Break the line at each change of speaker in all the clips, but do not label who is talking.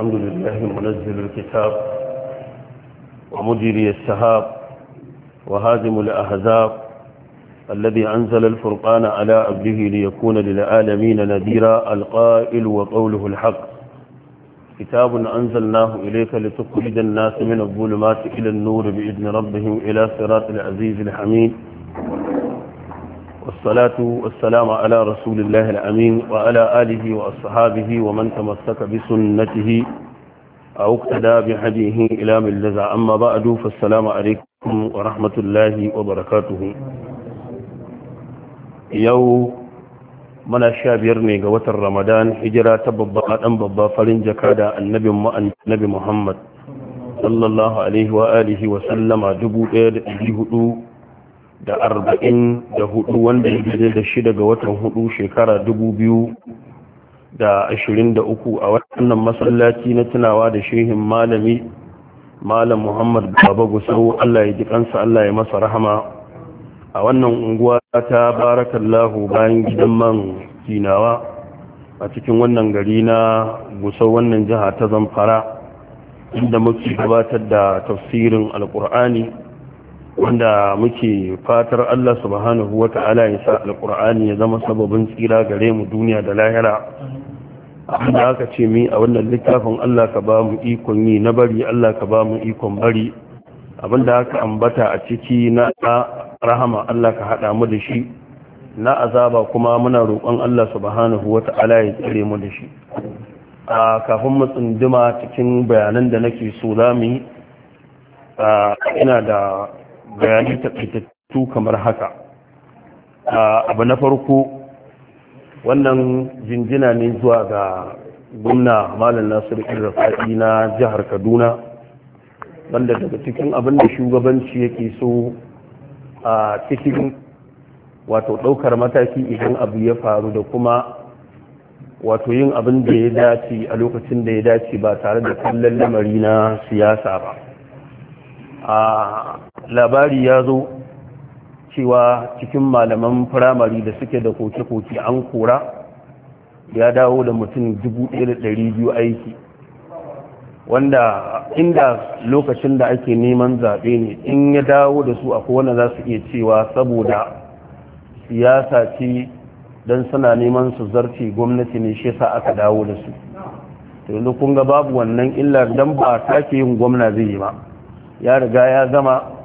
الحمد لله منزل الكتاب ومجري السهاب وهازم الأهزاب الذي أنزل الفرقان على عبده ليكون للعالمين نذيرا القائل وقوله الحق كتاب أنزلناه إليك لتخرج الناس من الظلمات إلى النور بإذن ربهم إلى صراط العزيز الحميد والصلاة والسلام على رسول الله الأمين وعلى آله وأصحابه ومن تمسك بسنته أو اقتدى بهديه إلى من لزع أما بعد فالسلام عليكم ورحمة الله وبركاته يو من الشابير نيغوة الرمضان حجرة تببا أنببا فلنجكا دا النبي, النبي محمد sallallahu alaihi wa alihi wa sallama dubu ɗaya da ɗari hudu da arba'in da hudu wanda ya gaje da shida ga watan hudu shekara dubu biyu da ashirin da uku a wannan masallaci na tunawa da shehin malami malam muhammad baba gusau allah ya ji kansa allah ya masa rahama a wannan unguwa ta barakallahu bayan gidan man kinawa a cikin wannan gari na gusau wannan jiha ta zamfara inda muke gabatar da tafsirin alkur'ani wanda muke fatar Allah subhanahu wa ta'ala ya sa alƙur'ani ya zama sababin tsira gare mu duniya da lahira abinda aka ce mi a wannan littafin Allah ka ba mu ikon yi na bari Allah ka ba mu ikon bari abinda aka ambata a ciki na rahama Allah ka haɗa mu da shi na azaba kuma muna roƙon Allah subhanahu wa ta'ala ya tsare mu da shi a kafin mu tsunduma cikin bayanan da nake so za mu yi ina da bayanin taƙaitattu kamar haka abu na farko wannan jinjina ne zuwa ga gumna malam nasiru irrafa'i na jihar kaduna wanda daga cikin abin da shugabanci yake so a cikin wato ɗaukar mataki idan abu ya faru da kuma wato yin abin da ya dace a lokacin da ya dace ba tare da kallon lamari na siyasa ba labari ya zo cewa cikin malaman firamare da suke da koke-koke an kora ya dawo da mutum 1,200 aiki wanda inda lokacin da ake neman zaɓe ne in ya dawo da su akwai wanda za su iya cewa saboda siyasa ce don suna neman su zarce gwamnati ne shi sa aka dawo da su yanzu ga babu wannan illar don ba ke yin gwamna zai yi ba ya riga ya zama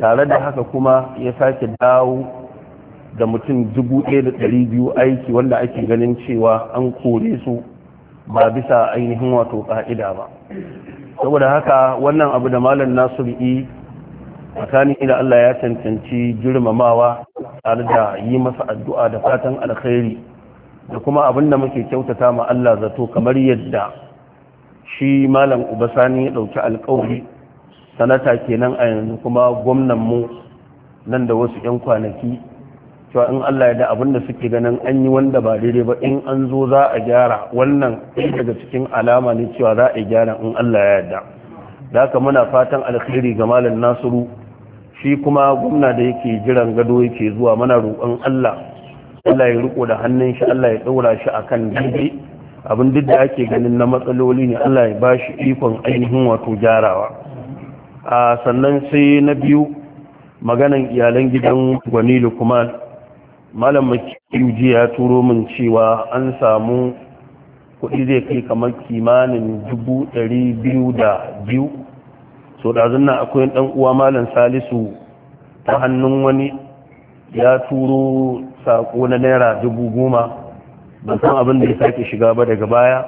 tare da haka kuma ya sake dawo da mutum da ɗari biyu aiki wanda ake ganin cewa an kore su ba bisa ainihin wato ƙa'ida ba saboda haka wannan abu da malam nasir'i tsakanin ila Allah ya cancanci girmamawa tare da yi masa addu'a da fatan alkhairi da kuma abin da muke kyautata ma Allah zato kamar yadda shi malam ubasani ya ɗauki alkawari sanata kenan a yanzu kuma gwamnan mu nan da wasu 'yan kwanaki cewa in Allah ya da abin da suke ganin an yi wanda ba daidai ba in an zo za a gyara wannan daga cikin alama ne cewa za a gyara in Allah ya yarda da haka muna fatan alkhairi ga malam Nasiru shi kuma gwamna da yake jiran gado yake zuwa mana roƙon Allah Allah ya riko da hannun shi Allah ya ɗaura shi a kan daidai abin duk da ake ganin na matsaloli ne Allah ya ba shi ikon ainihin wato gyarawa a sannan sai na biyu maganan iyalan gidan gwani kuma malam makiyuji ya turo min cewa an samu kuɗi zai kai kamar kimanin dubu dari biyu da biyu so ɗazun nan akwai ɗan uwa malam salisu ta hannun wani ya turo sako na naira dubu goma ban san abin da ya sake shiga ba daga baya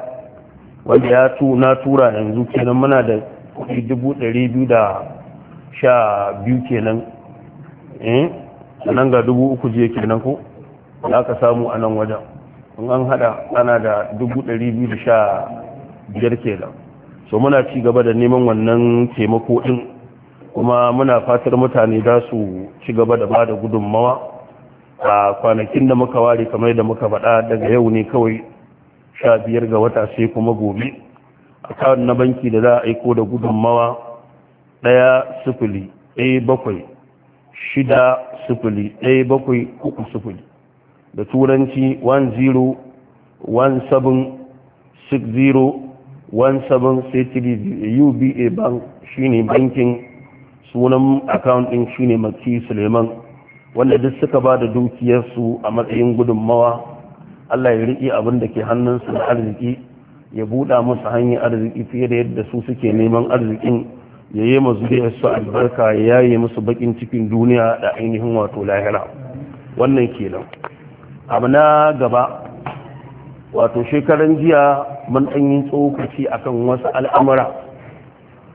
wanda ya na tura yanzu kenan muna da kudi dubu biyu da kenan eh nan ga dubu je kenan ko za ka samu a nan wajen in an hada ana da dubu dari biyu da sha biyar kenan so muna ci gaba da neman wannan taimako din kuma muna fatar mutane za su ci gaba da ba da gudunmawa a kwanakin da muka ware kamar da muka faɗa daga yau ne kawai sha biyar ga wata sai kuma gobe akawun na banki da za a aiko da gudunmawa ɗaya sufuli ɗaya bakwai shida sufuli ɗaya bakwai uku sufuli da turanci 10176017 uba bank shine bankin sunan account ɗin shine maki suleiman wanda duk suka ba da dukiyarsu a matsayin gudunmawa allah ya riƙe abin da ke hannunsu na arziki ya buɗa musu hanyar arziki fiye da yadda su suke neman arzikin ya yi su albarka ya yaye musu bakin cikin duniya da ainihin wato lahira wannan kenan abu na gaba wato shekaran jiya mun ɗan yi tsokaci akan wasu al'amura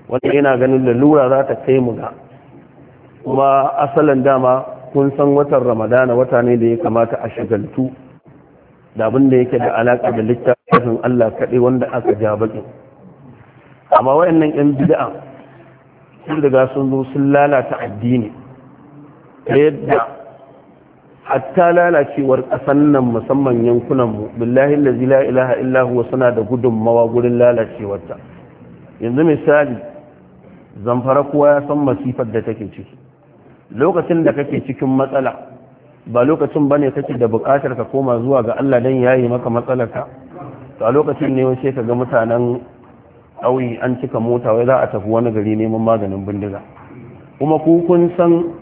wanda yana ganin lalura za ta kai mu ga kuma asalin dama kun san watan ramadana wata ne da ya kamata a shagaltu da abin da yake da alaƙa da littafi littafin Allah kaɗai wanda aka ja baƙin amma wayannan yan bida'a sun riga sun zo sun lalata addini
ta yadda
hatta lalacewar ƙasan nan musamman yankunanmu billahi lazi la ilaha illahu suna da gudummawa gurin lalacewarta yanzu misali zamfara kowa ya san masifar da take ciki lokacin da kake cikin matsala ba lokacin ba ne kake da buƙatar ka koma zuwa ga Allah dan yayi maka matsalarka to a lokacin ne wace ka ga mutanen ƙauye an cika mota wai za a tafi wani gari neman maganin bindiga kuma ku kun san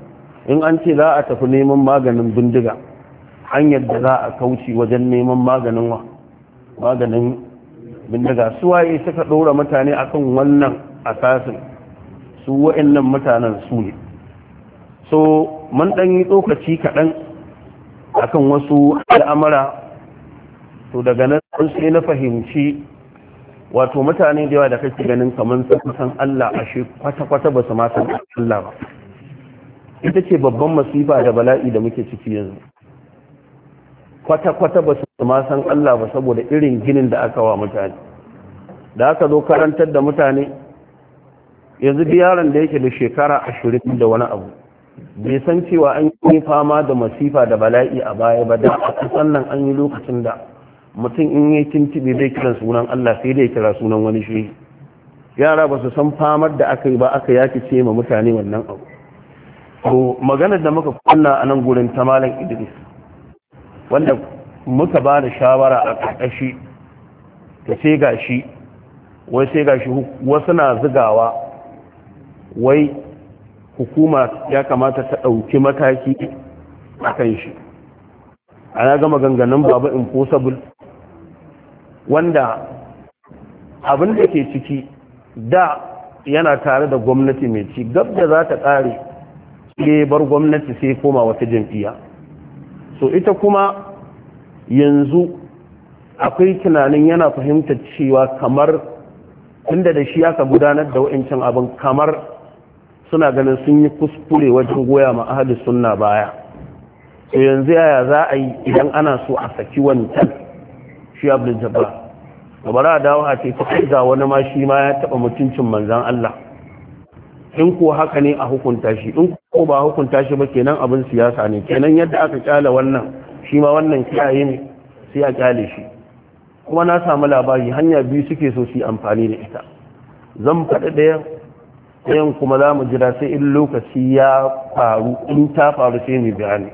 in an ce za a tafi neman maganin bindiga hanyar da za a kauce wajen neman maganin wa maganin bindiga Su waye suka ɗora mutane akan wannan asasin su wa'annan mutanen su ne so mun ɗan yi tsokaci kaɗan akan wasu al'amura. to daga nan sai na fahimci wato mutane da yawa da kake ganin kamar sun san Allah a shi kwata-kwata ba su ma san Allah ba ita ce babban masifa da bala'i da muke ciki yanzu kwata-kwata ba su ma san Allah ba saboda irin ginin da aka wa mutane da aka zo karantar da mutane yanzu da yaron da yake da shekara ashirin da wani abu bai san cewa an yi fama da masifa da bala'i a baya ba da a kasan nan an yi lokacin da mutum in yi tintibi zai kiran sunan Allah sai dai kira sunan wani shi yara ba su san famar da aka yi ba aka yaki ce ma mutane wannan abu to magana da muka kunna a nan gurin ta malam Idris wanda muka ba da shawara a ƙarƙashi ta ga shi wai sai shi wasu na zigawa wai hukuma ya kamata ta ɗauki mataki a kan shi ana gama ganganin babu impossible wanda abin da ke ciki da yana tare da gwamnati mai ci gab da za ta ƙare bar gwamnati sai koma wata jam'iyya so ita kuma yanzu akwai tunanin yana fahimtar cewa kamar inda da shi aka gudanar da wa'ancan abin kamar suna ganin sun yi kuskure wajen goya ma suna sunna baya to yanzu yaya za a yi idan ana so a saki wancan shi abin jabbar da bara dawo a ce ta kai ga wani ma shi ma ya taba mutuncin manzan Allah in ko haka ne a hukunta shi in ko ba hukunta shi ba kenan abin siyasa ne kenan yadda aka kyale wannan shi ma wannan kiyaye ne sai a kyale shi kuma na samu labari hanya biyu suke so su yi amfani da ita zan faɗi ɗaya ɗayan kuma za mu jira sai in lokaci ya faru in ta faru sai mu bayani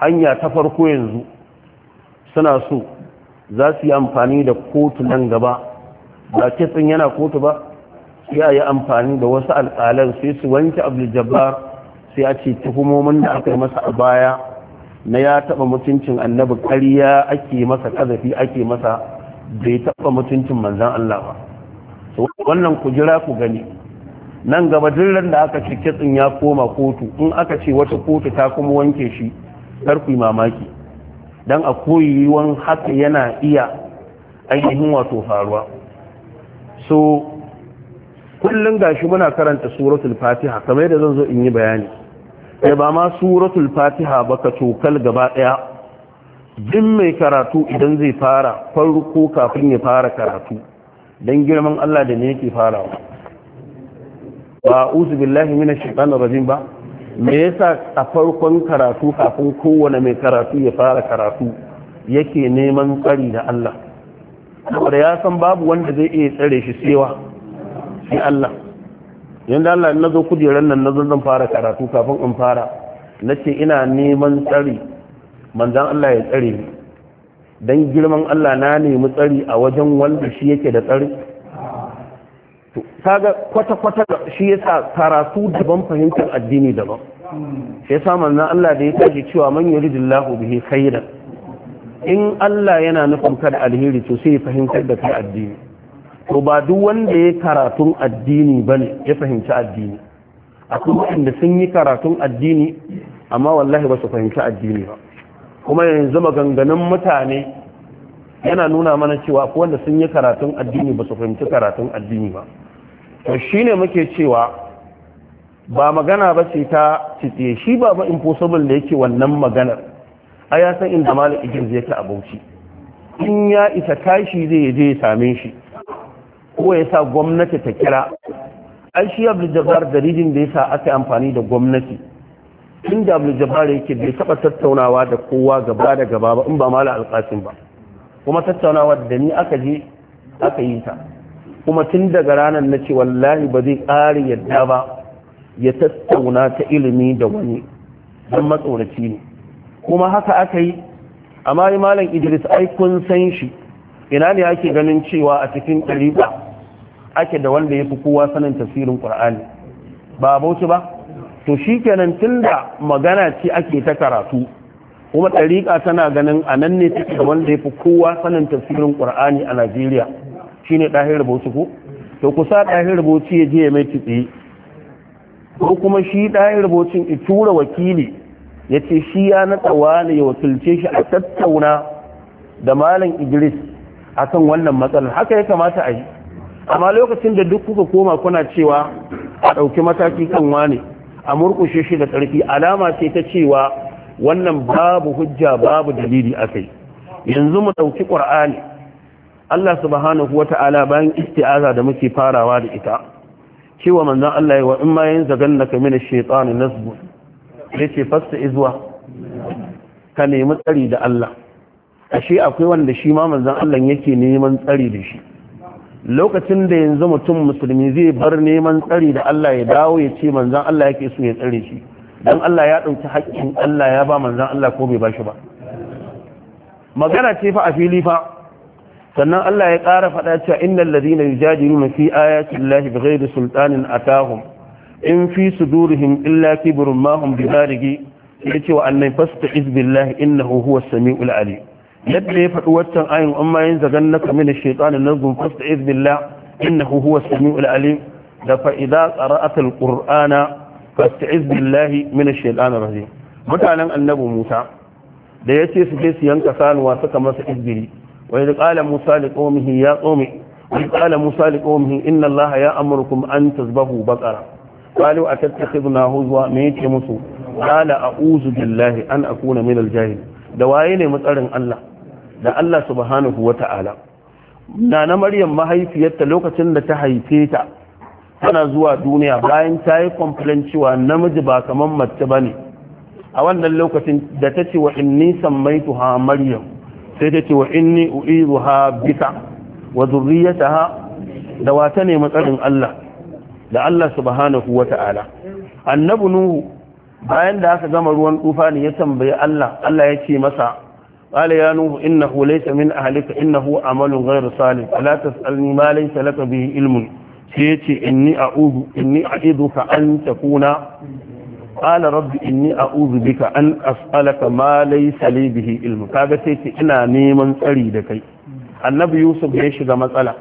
hanya ta farko yanzu suna so za su yi amfani da kotu nan gaba ba kitsin yana kotu ba ya yi amfani da wasu alƙalan sai su wanke abdul-jabbar sai a ce tuhumomin da aka yi masa a baya na ya taɓa mutuncin annabi ƙarya ake masa ƙazafi ake masa bai taɓa mutuncin manzan Allah ba wannan ku jira ku gani nan gaba dillan da aka ce kitsin ya koma kotu in aka ce wata kotu ta kuma wanke shi kar ku mamaki don a koyiwan haka yana iya ainihin wato faruwa so kullum gashi muna karanta suratul fatiha kamar yadda zan zo in yi bayani ya eh, ba ma suratul fatiha ba ka cokal gaba ɗaya duk mai karatu idan zai fara farko kafin ya fara karatu don girman allah da ne yake farawa ba uzu billahi mina shaitan rajim ba me yasa a farkon karatu kafin kowane mai karatu ya fara karatu yake neman tsari da Allah saboda ya san babu wanda zai iya tsare shi sewa sai Allah yanda Allah na zo kujerar nan na zan fara karatu kafin in fara na ce ina neman tsari manzan Allah ya tsare ni don girman Allah na nemi tsari a wajen wanda shi yake da tsari kaga kwata-kwata shi yasa karatu daban fahimtar addini daban shi yasa na Allah da ya tashi cewa man yuridillahu bihi khairan in Allah yana nufin ka da alheri to sai ya fahimtar da kai addini to ba duk wanda ya karatun addini bane ya fahimci addini akwai wanda sun yi karatun addini amma wallahi ba su fahimci addini ba kuma yanzu maganganun mutane yana nuna mana cewa ko wanda sun yi karatun addini ba su fahimci karatun addini ba to shi ne muke cewa ba magana ba ce ta tsitsiye shi ba ba impossible da yake wannan maganar a ya san inda malam igin zai ta abauci in ya isa tashi zai je ya same shi ko ya sa gwamnati ta kira ai shi jabar da rijin da yasa aka amfani da gwamnati inda abu jabar yake bai taba tattaunawa da kowa gaba da gaba ba in ba mala alƙasim ba kuma tattaunawa da ni aka je aka yi ta kuma tun daga ranar na ce wallahi ba zai ƙari yadda ba ya tattauna ta ilimi da wani don matsoraci ne kuma haka aka yi a yi malam idris ai kun san shi ina ne ake ganin cewa a cikin ɗariɓa ake da wanda ya fi kowa sanin tasirin ƙur'ani ba a bauchi ba to shi kenan tun da magana ce ake ta karatu kuma ɗariƙa tana ganin a nan ne take da wanda ya fi kowa sanin tasirin ƙur'ani a najeriya Shi ne ɗahin rubutu ko to ku sa ɗahin rubutu ya je ya mai kitse ko kuma shi ɗahin bauchin ya tura wakili ya ce shi ya naɗa wani ya wakilce shi a tattauna da malam idris akan wannan matsalar haka ya kamata a yi amma lokacin da duk kuka koma kuna cewa a ɗauki mataki kan wani a murkushe shi da ƙarfi alama ce ta cewa wannan babu hujja babu dalili a kai yanzu mu ɗauki ƙur'ani Allah subhanahu wata'ala bayan isti'aza da muke farawa da ita cewa manzon Allah wa in ma yanzagannaka min ash-shaytani nasbu yace fasta izwa ka nemi tsari da Allah ashe akwai wanda shi ma manzon Allah yake neman tsari da shi lokacin da yanzu mutum musulmi zai bar neman tsari da Allah ya dawo ya ce manzan Allah yake so ya tsare shi don Allah ya ɗauki haƙƙin Allah ya ba manzan Allah ko bai ba shi ba magana ce fa a fili fa sannan Allah ya ƙara faɗa cewa innal ladina yujadiluna fi ayati llahi bighairi sultanin atahum in fi sudurihim illa kibrun ma hum bidarigi yace wa annai fasta'iz billahi innahu huwas samiul alim yadda ya faɗi waccan ayin amma yin zagan naka min ash-shaytanin nazgum fasta'iz billah innahu huwas samiul alim da fa idza qara'ata al-qur'ana fasta'iz billahi min ash-shaytanir rajim mutanen annabi Musa da yace su je su yanka sanuwa suka masa izbiri وإذ قال موسى لقومه يا قوم وإذ قال موسى لقومه إن الله يأمركم أن تذبحوا بقرة قالوا أتتخذنا هزوا ميت يمسو قال أعوذ بالله أن أكون من الجاهل دوايني مسألة الله da Allah subhanahu wa ta'ala na na maryam mahaifiyarta lokacin da ta haife ta tana zuwa duniya bayan ta yi complain cewa namiji ba kamar mace ba ne a wannan lokacin da ta ce wa inni sammaitu ha maryam sai ta ce wa inni u'izu ha bita wa zurriyata ha da wata ne matsalin Allah da Allah subhanahu wa ta'ala annabu nuhu bayan da haka gama ruwan tufa ne ya tambayi Allah Allah ya ce masa qala ya nuhu innahu laysa min ahlika innahu amalun ghayru salih fala sani ma laysa laka bihi ilmun sai ya ce inni a inni a'idu ka an qala rabbi inni a'udhu bika an as'alaka ma laysa li bihi ilm kaga sai ce ina neman tsari da kai annabi yusuf ya shiga matsala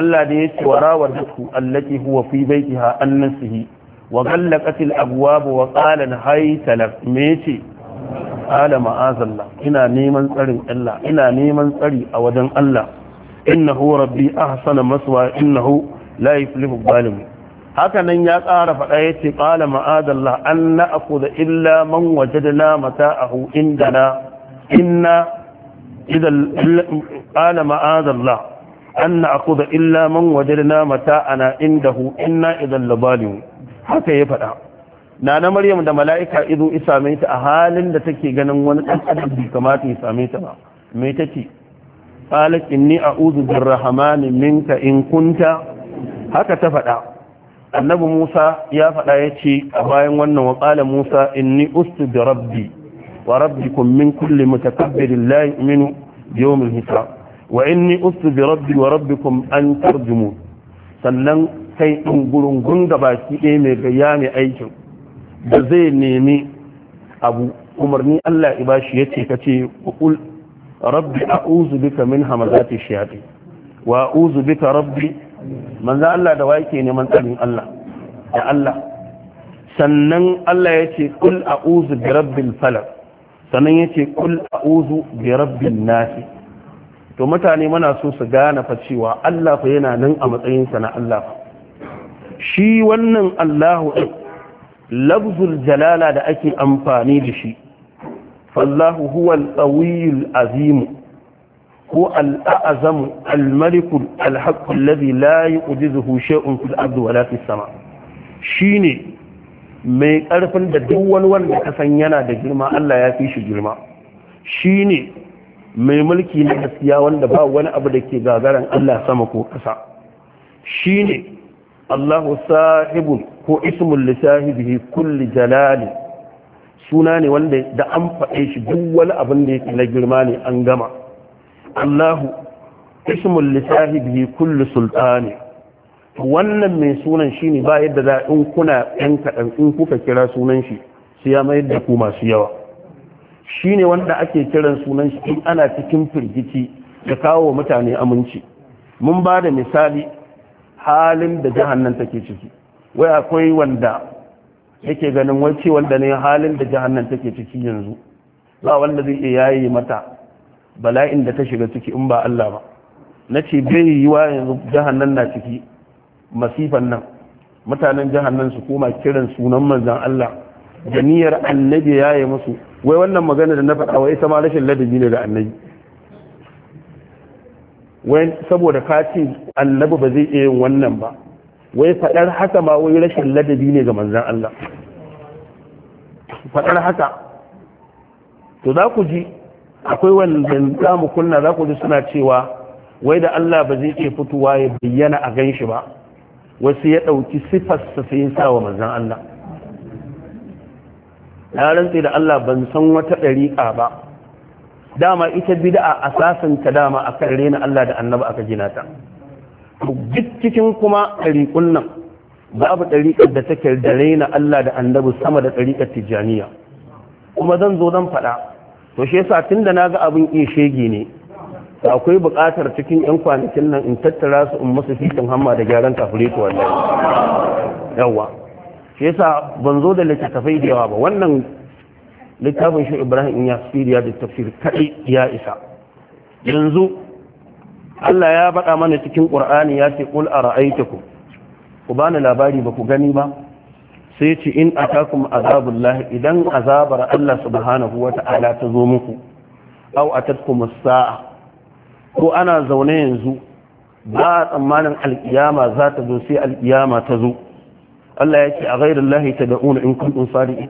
Allah da ya ce warawar duku allati huwa fi baitiha an nafsihi wa ghallaqat abwab wa qala hayta lak me ce. qala ma'azallah ina neman tsarin Allah ina neman tsari a wajen Allah innahu rabbi ahsana maswa innahu la yuflihu zalimun hakanan ya ƙara faɗa ya ce ƙala ma'adallah an na aku da illa man waje da na mata a hu inda na inna ƙala ma'adallah an na aku da illa man waje da na mata ana inda hu inna idan labaliyu haka ya faɗa na na maryam da mala'ika izo isa mai ta a halin da take ganin wani ɗan adam bai kamata ya same ta ba mai ta ce ƙalat inni a'udhu birrahmani minka in kunta haka ta faɗa annabi musa ya faɗa ya ce a bayan wannan waƙala musa inni ustu da rabbi wa rabbikum min kulli mutakabbirin la yu'minu yawmil hisab wa inni ustu bi rabbi wa rabbikum an tarjumu sannan sai in gurungun da baki ɗaya mai gayya mai aikin da zai nemi abu umarni Allah ya bashi yace kace qul rabbi a'udhu bika min hamazati shayatin wa a'udhu bika rabbi manzo Allah da wake ne tsarin Allah da Allah sannan Allah ya ce kul a'udhu bi rabbil falaq sannan ya ce kul a'udhu bi rabbin nas to mutane muna so su gane fa cewa Allah fa yana nan a matsayin sa na Allah shi wannan Allahu din lafzul jalala da ake amfani da shi Allahu huwal qawiyul azimu. ko al'azamu al-maliku al-haqqu alladhi la yuqdizuhu wala fis sama mai ƙarfin da duk wani wanda ka san yana da girma Allah ya fi shi girma shine mai mulki na gaskiya wanda ba wani abu da ke gagaran Allah sama ko Shi shine Allahu sahibu ko ismul li sahibihi kulli jalali suna ne wanda da an faɗe shi duk wani abin da ya na girma ne an gama Allahu ismul lisahibi kullu sultani wannan mai sunan shi ne ba yadda za in kuna ɗan kaɗan in kuka kira sunan shi su ya mayar da ku masu yawa shi ne wanda ake kiran sunan shi in ana cikin firgici da kawo mutane aminci mun ba da misali halin da jahannan take ciki wai akwai wanda yake ganin wai wanda ne halin da jahannan take ciki yanzu ba wanda zai iya yaye mata bala'in da ta shiga ciki in ba Allah ba na ce bai yi wa yanzu jahannan na ciki masifan nan mutanen jahannan su koma kiran sunan manzan Allah da niyyar annabi ya yi musu wai wannan magana da na faɗa wai ita ma rashin ladabi ne da annabi wai saboda ka ce annabi ba zai iya yin wannan ba wai faɗar haka ma wai rashin ladabi ne ga manzan Allah faɗar haka to za ku ji akwai wanda za mu kunna za ku ji suna cewa wai da Allah ba zai ce fitowa ya bayyana a gan shi ba wasu ya ɗauki su sai ya sa wa manzan Allah na rantse da Allah ban san wata ɗariƙa ba dama ita bid'a asasanta dama a kan rena Allah da annabi aka gina ta duk cikin kuma ɗariƙun nan babu ɗariƙar da take da rena Allah da annabi sama da ɗariƙar tijjaniya kuma zan zo zan faɗa to shi yasa tunda naga abin iya shege ne akwai buƙatar cikin yan kwanakin nan in tattara su in musu fitin hamma da gyaran tafuleto wallahi yawa shi yasa ban zo da littattafai da yawa ba wannan littafin shi Ibrahim ya siriya da tafsir kadai ya isa yanzu Allah ya baɗa mana cikin Qur'ani ya ce qul ara'aytukum ku bani labari ba ku gani ba sai ce in atakum azabullahi idan azabar Allah subhanahu wata'ala ta zo muku au a as-sa'a ko ana zaune yanzu ba a tsammanin alkiyama za ta zo sai alkiyama ta zo Allah ya ce a ghairin lahi ta da'una in kuntum sadiqin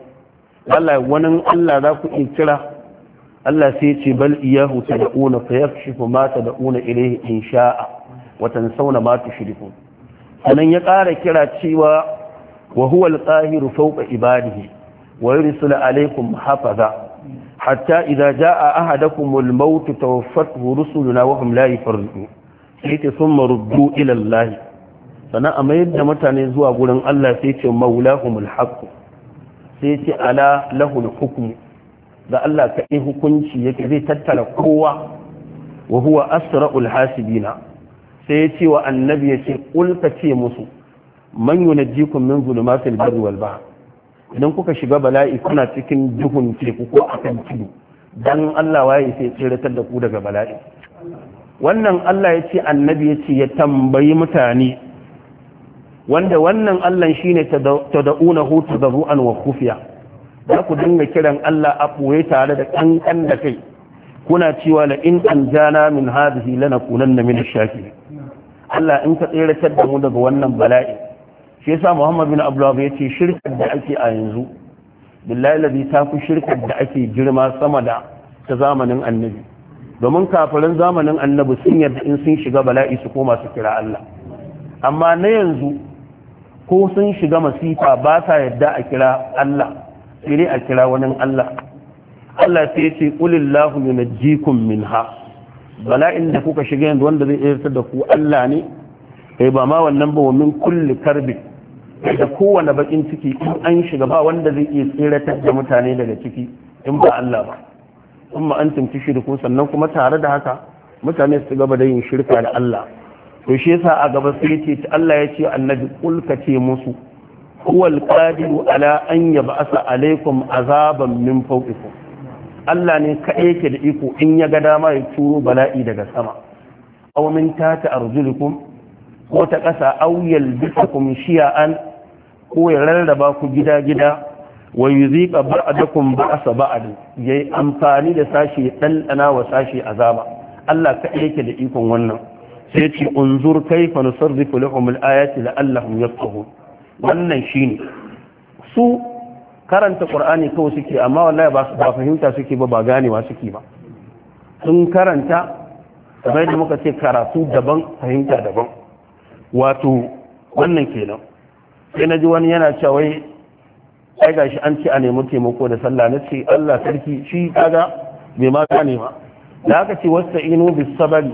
Allah wani Allah za ku in kira Allah sai ce bal iyahu ta da'una fa yakshifu ma ta da'una ilayhi in sha'a wa sauna ma ta tushrikun Sannan ya ƙara kira cewa wa huwa al-qahiru fawqa ibadihi wa yursilu alaykum hafaza hatta idza jaa ahadakum al-maut tawaffathu rusuluna wa hum la yafarriqun sai ta summa ruddu ila Allah sana a mayar da mutane zuwa gurin Allah sai ce maulahumul haqq sai ce ala lahul hukm da Allah kaɗai hukunci yake zai tattara kowa wa huwa asra'ul hasibina sai ya ce wa annabi ya ce ƙulka ce musu man yunajjikum min zulumatil barri wal bahr idan kuka shiga bala'i kuna cikin duhun teku ko akan tudu dan Allah waye sai tsiratar da ku daga bala'i wannan Allah ya ce annabi ya ce ya tambayi mutane wanda wannan Allah shine tad'unahu tadru'an wa khufiya za ku dinga kiran Allah a ɓoye tare da ƙanƙan da kai kuna cewa la in an jana min hadhihi lanakunanna min ash-shakirin Allah in ka tsiratar da mu daga wannan bala'i shi yasa muhammad bin abdullahi ya ce shirkar da ake a yanzu billahi ladhi ta fi shirkar da ake girma sama da ta zamanin annabi domin kafirin zamanin annabi sun yarda in sun shiga bala'i su koma su kira Allah amma na yanzu ko sun shiga masifa ba sa yadda a kira Allah sai a kira wani Allah Allah sai ce qulillahu yunajjikum minha bala'in da kuka shiga yanzu wanda zai irtar da ku Allah ne kai eh ba ma wannan ba wa min kulli karbin da kowane bakin ciki in an shiga ba wanda zai iya tseratar da mutane daga ciki in ba Allah ba amma an tunci shirku sannan kuma tare da haka mutane su gaba da yin shirka da Allah to shi yasa a gaba sai yace Allah ya ce annabi kulka ce musu huwal qadiru ala an yab'asa alaikum azaban min fawqikum Allah ne ka yake da iko in ya ga dama ya turo bala'i daga sama aw min tata arjulukum ko ta ƙasa aw yalbisukum an. ko ya rarraba ku gida-gida wa yuziqa ba'dakum ba'sa Ya yayi amfani da sashi ɗanɗana wa sashi azaba Allah ka yake da ikon wannan sai ce unzur kaifa nusarrifu lahum al-ayati la'allahum yafqahun wannan shine su karanta qur'ani kawai suke amma wallahi ba fahimta suke ba ba ganewa suke ba sun karanta kamar da muka ce karatu daban fahimta daban wato wannan kenan sai na ji wani yana cewa ai gashi an ce a nemi taimako da sallah na ce Allah sarki shi kaga bai ma ne ba da aka ce wasta'inu bis sabari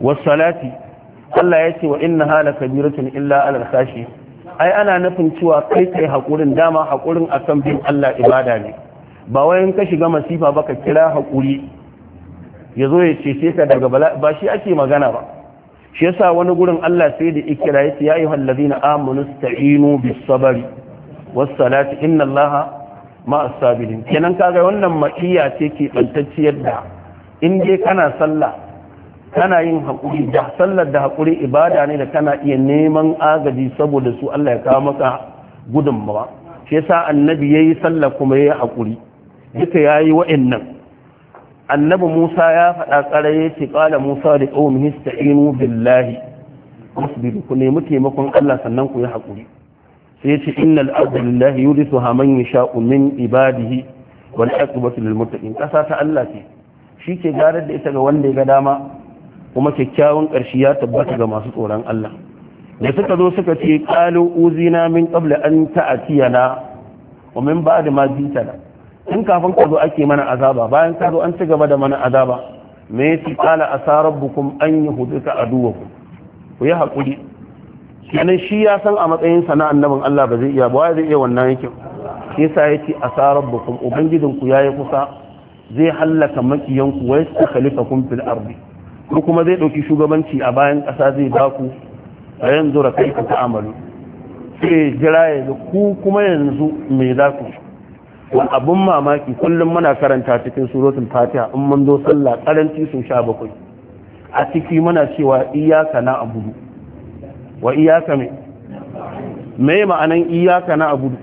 was salati Allah ya ce wa inna hala kabiratun illa alal kashi ai ana nufin cewa kai kai hakurin dama hakurin akan bin Allah ibada ne ba wai in ka shiga masifa ba ka kira hakuri ya zo ya ce ka daga bala ba shi ake magana ba shi yasa wani gurin Allah sai da ikira yace ya ayyuhal ladina amanu sta'inu bis sabri was salati inna allaha ma'as sabirin kenan kaga wannan makiya ce ke bantacciyar da in dai kana sallah kana yin hakuri da sallar da hakuri ibada ne da kana iya neman agaji saboda su Allah ya kawo maka gudunmawa shi yasa annabi yayi sallah kuma yayi hakuri duka yayi wa'annan annabi Musa ya faɗa ƙarar ya ce ƙala Musa da ƙaumin ista'inu billahi biyu ku nemi taimakon Allah sannan ku yi haƙuri sai ya ce innal ardu lillahi haman ya sha umin ibadihi wani aiki wasu ƙasa ta Allah ce shi ke garar da ita ga wanda ya ga dama kuma kyakkyawan ƙarshe ya tabbata ga masu tsoron Allah da suka zo suka ce ƙalo uzina min ƙabla an ta'tiyana wa min da ma na in kafin ka zo ake mana azaba bayan ka zo an ci gaba da mana azaba me yake kala asarabbukum an yuhdika aduwakum ku yi hakuri Sannan shi ya san a matsayin sana annabin Allah ba zai iya ba zai iya wannan yake shi yasa yace asarabbukum ubangijin ku yayi kusa zai hallaka makiyan ku wai su kun fil ardi ko kuma zai dauki shugabanci a bayan kasa zai ba ku a yanzu ra kai ku ta amalu sai jira yanzu ku kuma yanzu me za ku wa abun mamaki kullum muna karanta cikin suratul fatiha in mun zo sallah karanci sun sha bakwai a ciki muna cewa iyaka na abudu wa iyaka me me ma'anan iyaka na abudu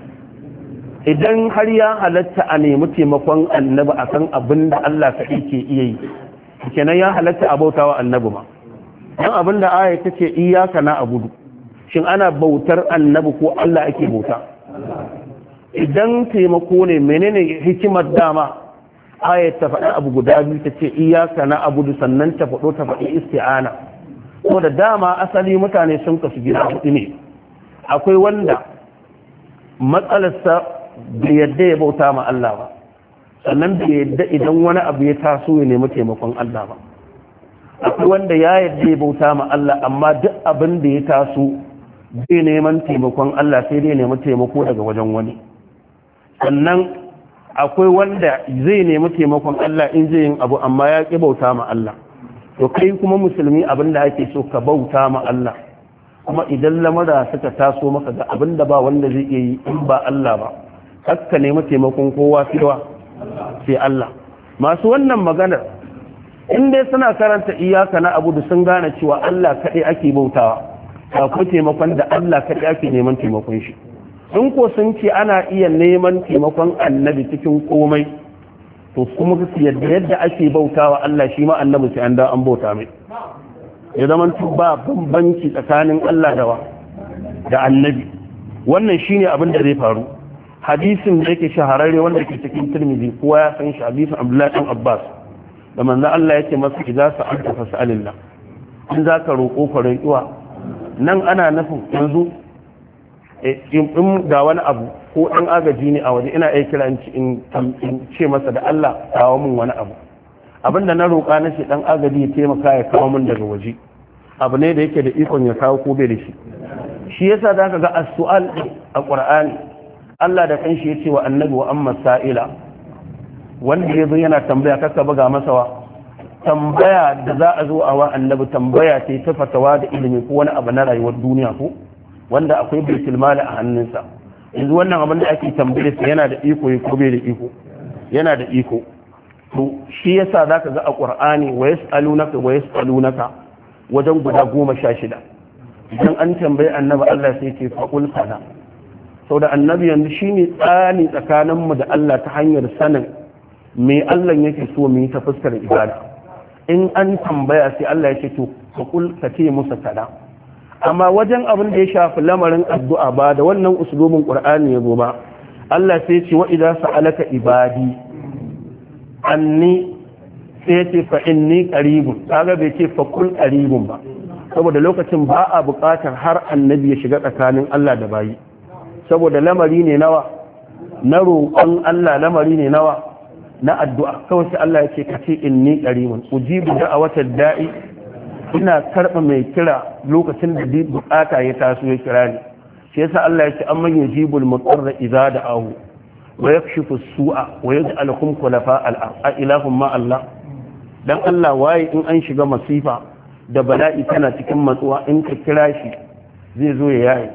idan har ya halatta a nemi taimakon annabi kan abin da Allah ka ke iya yi kenan ya halatta abautawa annabi ma dan abin da aya take iyaka na abudu shin ana bautar annabi ko Allah ake bauta idan taimako ne menene hikimar dama ayat ta faɗi abu guda biyu ta ce iyaka na abu sannan ta faɗo ta faɗi isti'ana kuma da dama asali mutane sun kasu gida hudu ne akwai wanda matsalarsa bai yadda ya bauta ma Allah ba sannan bai yadda idan wani abu ya taso ya nemi taimakon Allah ba akwai wanda ya yadda ya bauta ma Allah amma duk abin da ya taso bai neman taimakon Allah sai dai nemi taimako daga wajen wani sannan akwai wanda zai nemi taimakon Allah in zai yin abu amma ya ƙi bauta ma Allah to kai kuma musulmi abin da ake so ka bauta ma Allah kuma idan lamura suka taso maka ga abin da ba wanda zai iya yi in ba Allah ba kakka nemi taimakon kowa fiwa sai Allah masu wannan maganar in dai suna karanta iyaka na abu da sun gane cewa Allah kaɗai ake bautawa ba ku taimakon da Allah kaɗai ake neman taimakon shi in ko sun ce ana iya neman taimakon annabi cikin komai to kuma su yadda yadda ake bautawa Allah shi ma annabi sai an da an bauta mai ya zama ba bambanci tsakanin Allah da wa da annabi wannan shine abin da zai faru hadisin da yake shahararre wanda ke cikin Tirmidhi kowa ya san shi hadisin Abdullah Abbas da manzo Allah yake masa idza sa'alta fas'alillah in za ka roƙo ka roƙiwa nan ana nufin yanzu Eh, in ga wani abu ko ɗan agaji ne a waje ina iya kira in ce masa da Allah kawo min wani abu abin da na roƙa na shi ɗan agaji ya taimaka ya kawo min daga waje abu ne da yake da ikon ya kawo ko bai da shi shi yasa za ka ga as-su'al a Qur'ani Allah da kanshi ya ce wa annabi wa amma sa'ila wanda ya zo yana tambaya kaka buga masa wa tambaya da za a zo a wa annabi tambaya ce ta fatawa da ilimi ko wani abu na rayuwar duniya ko wanda akwai baitul mali a hannunsa yanzu wannan abin da ake tambaye sa yana da iko ko bai da iko yana da iko to shi yasa zaka ga a qur'ani wa yasalunaka wa yasalunaka wajen guda goma sha shida idan an tambayi annabi Allah sai ce fa sana sau da annabi yanzu shine tsani tsakaninmu da Allah ta hanyar sanin me Allah yake so mu yi ta fuskar ibada in an tambaya sai Allah ya ce to faqul ka ce musa amma wajen abin da ya shafi lamarin addu'a ba da wannan usulubin qur'ani ya zo ba Allah sai ce wa idza sa'alaka ibadi anni sai ce fa inni qaribun kaga bai ce fa kul qaribun ba saboda lokacin ba a buƙatar har annabi ya shiga tsakanin Allah da bayi saboda lamari ne nawa na roƙon Allah lamari ne nawa na addu'a kawai sai Allah ya ce ka ce inni qaribun ujibu da'awatad da'i ina karɓa mai kira lokacin da bukata ya taso ya kira ni shi yasa Allah ya ce amma yajibul mutarra idza da'ahu wa yakshifu su'a wa yaj'alukum khulafa al-ardh ilahum ma Allah dan Allah waye in an shiga masifa da bala'i kana cikin matsuwa in ka kira shi zai zo ya yayi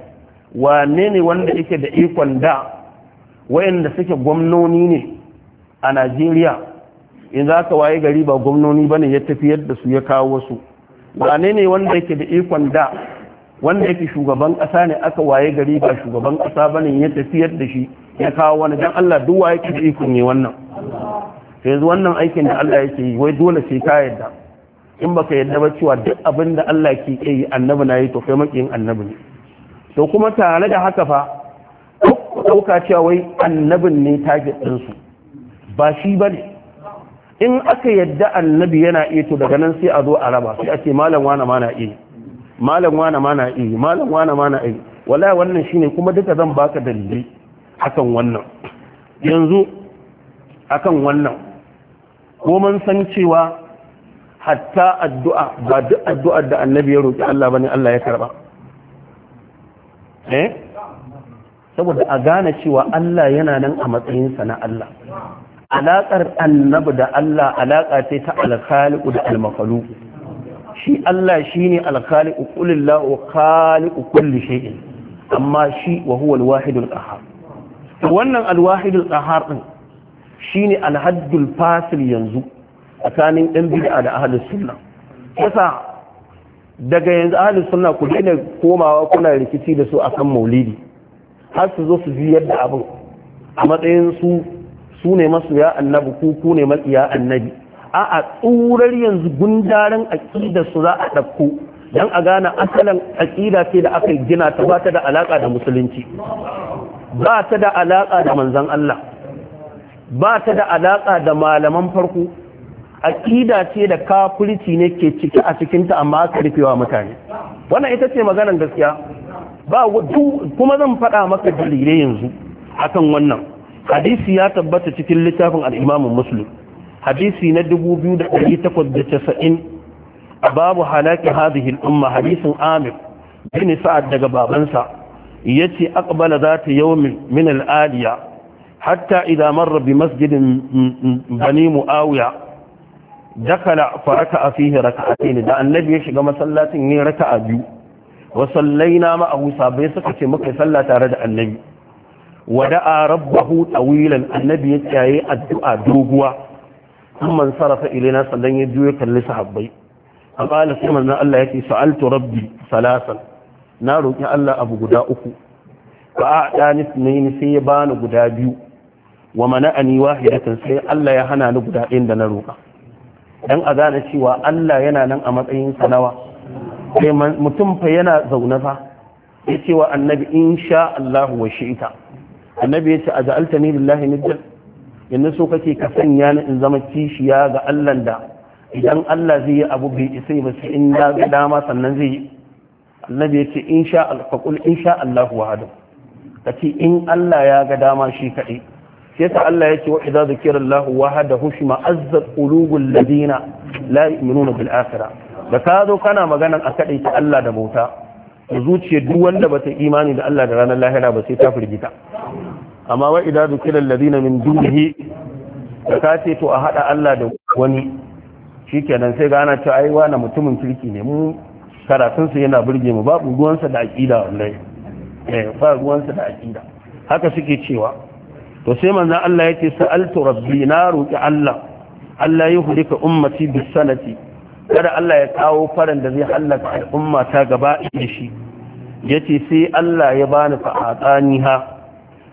wane ne wanda yake da ikon da wayanda suke gwamnoni ne a Najeriya in za ka waye gari ba gwamnoni bane ya tafiyar da su ya kawo su wane ne wanda yake da ikon da wanda yake shugaban ƙasa ne aka waye gari ba shugaban ƙasa ba ne ya tafiyar da shi ya kawo wani don Allah duwa yake da ikon ne wannan sai yanzu wannan aikin da Allah yake yi wai dole sai ka yarda. in baka yadda ba cewa duk abin da Allah ke yi annabi na yi to kai makin annabi ne to kuma tare da haka fa ɗauka cewa wai annabin ne target ɗinsu ba shi ba ne in aka yadda annabi yana iya to daga nan sai a zo a raba sai a ce malam wana ma na iya malam wana ma na iya malam wana ma na iya wallahi wannan shine kuma duka zan baka dalili akan wannan yanzu akan wannan ko mun san cewa hatta addu'a ba duk addu'ar da annabi ya roki Allah bane Allah ya karba eh saboda a gane cewa Allah yana nan a matsayinsa na Allah alaƙar annabi da Allah alaƙa ce ta alkhaliku da almakalu shi Allah shi ne alkhaliku kulillah wa kulli shay'in amma shi wa huwa alwahidul qahhar to wannan alwahidul qahhar din shine alhaddul fasil yanzu tsakanin dan bid'a da ahlus sunna yasa daga yanzu ahlus sunna ku daina komawa kuna rikici da su akan maulidi har su zo su ji yadda abin a matsayin su su ne ya annabi ko ku ne ya annabi a a tsurar yanzu gundarin aqida su za a dauko Don a gane asalin aƙida ce da aka gina ta ba ta da alaƙa da musulunci ba ta da alaƙa da manzan Allah ba ta da alaƙa da malaman farko aƙida ce da kafirci ne ke ciki a cikinta amma aka rufewa mutane wannan ita ce maganar gaskiya ba kuma zan faɗa maka dalilai yanzu akan wannan hadisi ya tabbata cikin littafin al'imamin musulun. hadisi na 2890 babu halaki hadhihi umma hadisin Amir bin Sa'ad daga babansa yace aqbala zata yawmin min al hatta idan marra bi masjidin bani Muawiya dakala fiye raka'a a raka'atayn da annabi ya shiga masallacin ne raka'a biyu wa sallaina ma'ahu sabai suka ce muka salla tare da annabi wada'a rabbahu tawilan annabi ya tsaye addu'a doguwa amman sarafa ilaina sannan ya juya kalli sahabbai a qala sai manzon Allah yake sa'altu rabbi salasan na roki Allah abu guda uku fa a'tani sunayn sai ya bani guda biyu wa mana'ani wahidatan sai Allah ya hana ni guda ɗayan da na roka dan a gane cewa Allah yana nan a matsayin sanawa sai mutum fa yana zaune fa ya ce wa annabi insha Allah wa shi'ita annabi ya ce a ja'alta ni lillahi nijjan yanzu so kake ka sanya ni in zama kishiya ga Allah da idan Allah zai yi abu bai isa ba sai in ya ga dama sannan zai yi annabi ya ce in sha alfaqul in sha Allahu wahada kace in Allah ya ga dama shi kadai sai ta Allah ya ce wa idza zikira wahada hushima azzat qulubul ladina la yu'minuna bil akhirah da ka zo kana magana a kadai ta Allah da bauta zuciyar duk wanda bata ta imani da Allah da ranar lahira ba sai ta firgita amma wai idan dukkan alladina min dunihi da ka ce to a hada Allah da wani shikenan sai gana ta ai wani mutumin kirki ne mu karatun yana burge mu babu ruwansa da aqida wallahi eh ba ruwansa da aqida haka suke cewa to sai manzon Allah yake sa'altu rabbi na roki Allah Allah ya hulika ummati bis sanati kada Allah ya kawo faran da zai hallaka al'umma ta gaba da shi yace sai Allah ya bani fa'atani ha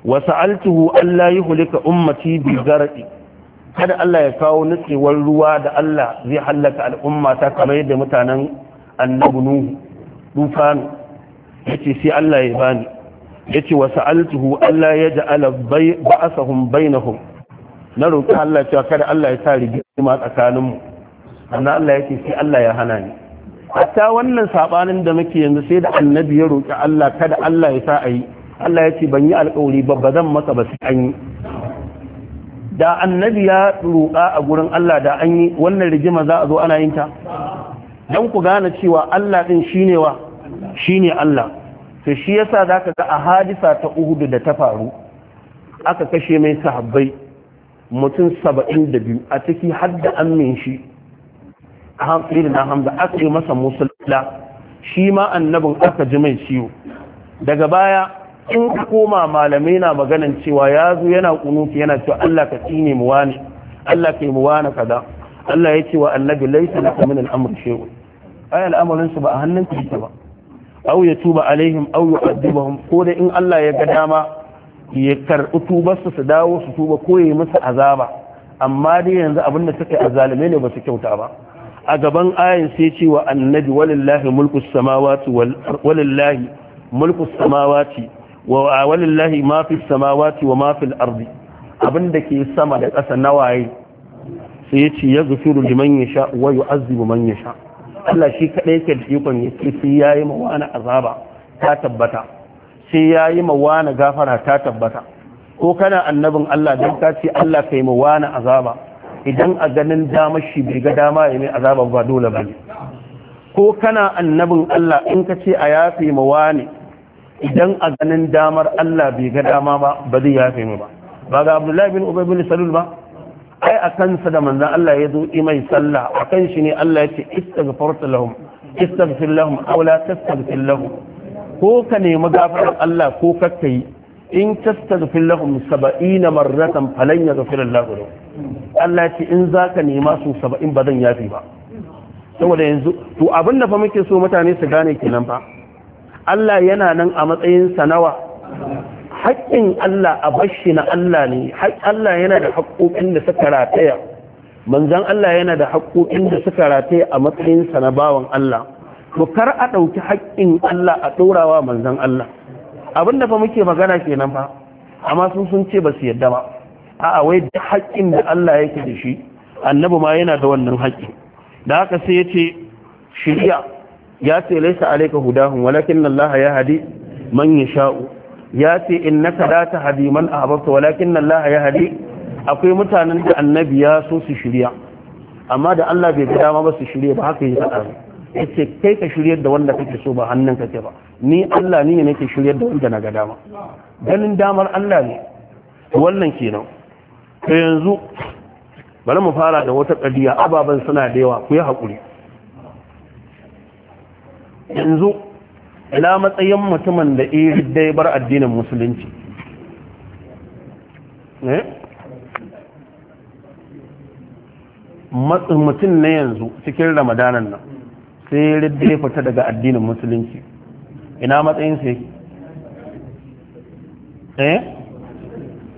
wa sa'altuhu Allah hulika ummati bi zarqi kada Allah ya kawo nutsewar ruwa da Allah zai hallaka al'umma ta kamar yadda mutanen annabi Nuhu dufanu yace sai Allah ya bani yace wa sa'altuhu Allah ya ja'ala ba'asahum bainahum na roƙi Allah cewa kada Allah ya sa rigima tsakanin mu annan Allah yake sai Allah ya hana ni hatta wannan sabanin da muke yanzu sai da annabi ya roƙi Allah kada Allah ya sa a yi Allah ya ce ban yi alƙawari ba ba zan masa ba sai an yi da annabi ya roƙa a gurin Allah da an yi wannan rigima za a zo ana yin ta don ku gane cewa Allah din shine wa shine Allah to shi yasa zaka ga a hadisa ta Uhud da ta faru aka kashe mai sahabbai mutum 72 a ciki har da ammin shi Hamza na Hamza aka yi masa musulla shi ma annabin aka ji mai ciwo daga baya in ka koma malamai na maganin cewa ya zo yana kunuti yana cewa Allah ka tsine mu wani Allah ka yi mu wani kaza Allah ya ce wa annabi laisa laka min al-amr shay'un ay su ba a hannun ki ba aw ya tuba alaihim aw yu'adhibuhum ko da in Allah ya ga dama ya karɓi tubar su su dawo su tuba ko ya yi musu azaba amma dai yanzu abin da suka yi azalume ne ba su kyauta ba a gaban ayin sai ce wa annabi walillahi mulkus samawati walillahi mulkus samawati wa walillahi ma fi samawati wa ma fil ardi abinda ke sama da ƙasa nawaye sai ya ce ya gafiru liman ya sha wa yu'azzibu man ya sha Allah shi kadai yake da ikon ya ce sai yi mawana azaba ta tabbata sai ya yi mawana gafara ta tabbata ko kana annabin Allah dan ka ce Allah kai mawana azaba idan a ganin damar shi bai ga dama ya mai azaba ba dole ba ko kana annabin Allah in ka ce a yafe mawane idan a ganin damar Allah bai ga dama ba ba zai yafe mu ba ba ga Abdullahi bin Ubay bin Salul ba ai a kansa da manzon Allah ya zo imai sallah a kan shi ne Allah ya ce istaghfirtu lahum istaghfir lahum aw la tastaghfir lahum ko ka nemi gafarar Allah ko ka yi in tastaghfir lahum 70 marratan falan yaghfir Allah lahum Allah ya ce in zaka nema su 70 ba zan yafi ba saboda yanzu to abin da fa muke so mutane su gane kenan fa Allah yana nan a matsayin sanawa haƙƙin Allah a bashi na Allah ne Allah yana da haƙƙoƙin da suka rataya manzan Allah yana da haƙƙoƙin da suka rataya a matsayin na bawan Allah to kar a ɗauki haƙƙin Allah a ɗorawa manzan Allah abin da fa muke magana kenan fa amma sun sun ce ba su yadda ba a'a wai duk haƙƙin da Allah yake da shi annabi ma yana da wannan haƙƙi da haka sai ya ce shirya ya ce laisa alayka hudahum walakin Allah ya hadi man sha'u. ya ce innaka la tahdi man ahbabta walakin Allah ya hadi akwai mutanen da annabi ya so su shirya amma da Allah bai gida ma ba su shirya ba haka yi faɗa yace kai ka shirya da wanda kake so ba hannun ka ba ni Allah ni ne nake shirya da wanda na ga dama ganin damar Allah ne wannan kenan to yanzu bari mu fara da wata kadiya ababan suna da yawa ku yi hakuri yanzu ila matsayin mutumin da iri dai bar addinin musulunci eh? mutum na yanzu cikin ramadanan nan sai ya ya fita daga addinin musulunci ina matsayin sai eh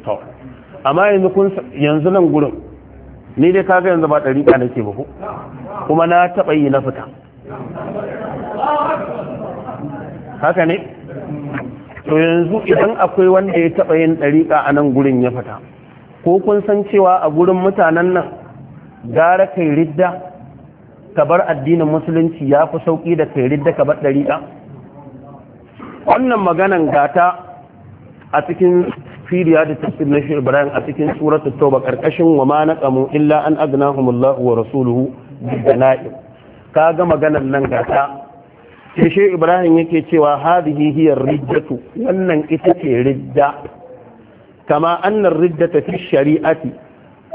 to amma yanzu kun yanzu nan gurin ni dai kaga yanzu ba ɗariƙa nake ba ko kuma na taɓa yi na fita haka ne to yanzu idan akwai wanda ya taɓa yin ɗariƙa a nan gurin ya fata, ko kun san cewa a gurin mutanen nan gara kai ridda ka bar addinin musulunci ya fi sauƙi da kai ridda ka bar ɗariƙa wannan maganan gata a cikin firiya da tafsir na shi ibrahim a cikin suratul tauba karkashin wa ma naqamu illa an agnahumullahu wa rasuluhu bi dana'i kaga maganan nan gata sai shi ibrahim yake cewa hadhihi hiyar riddatu wannan ita ce ridda kama annar riddata fi shari'ati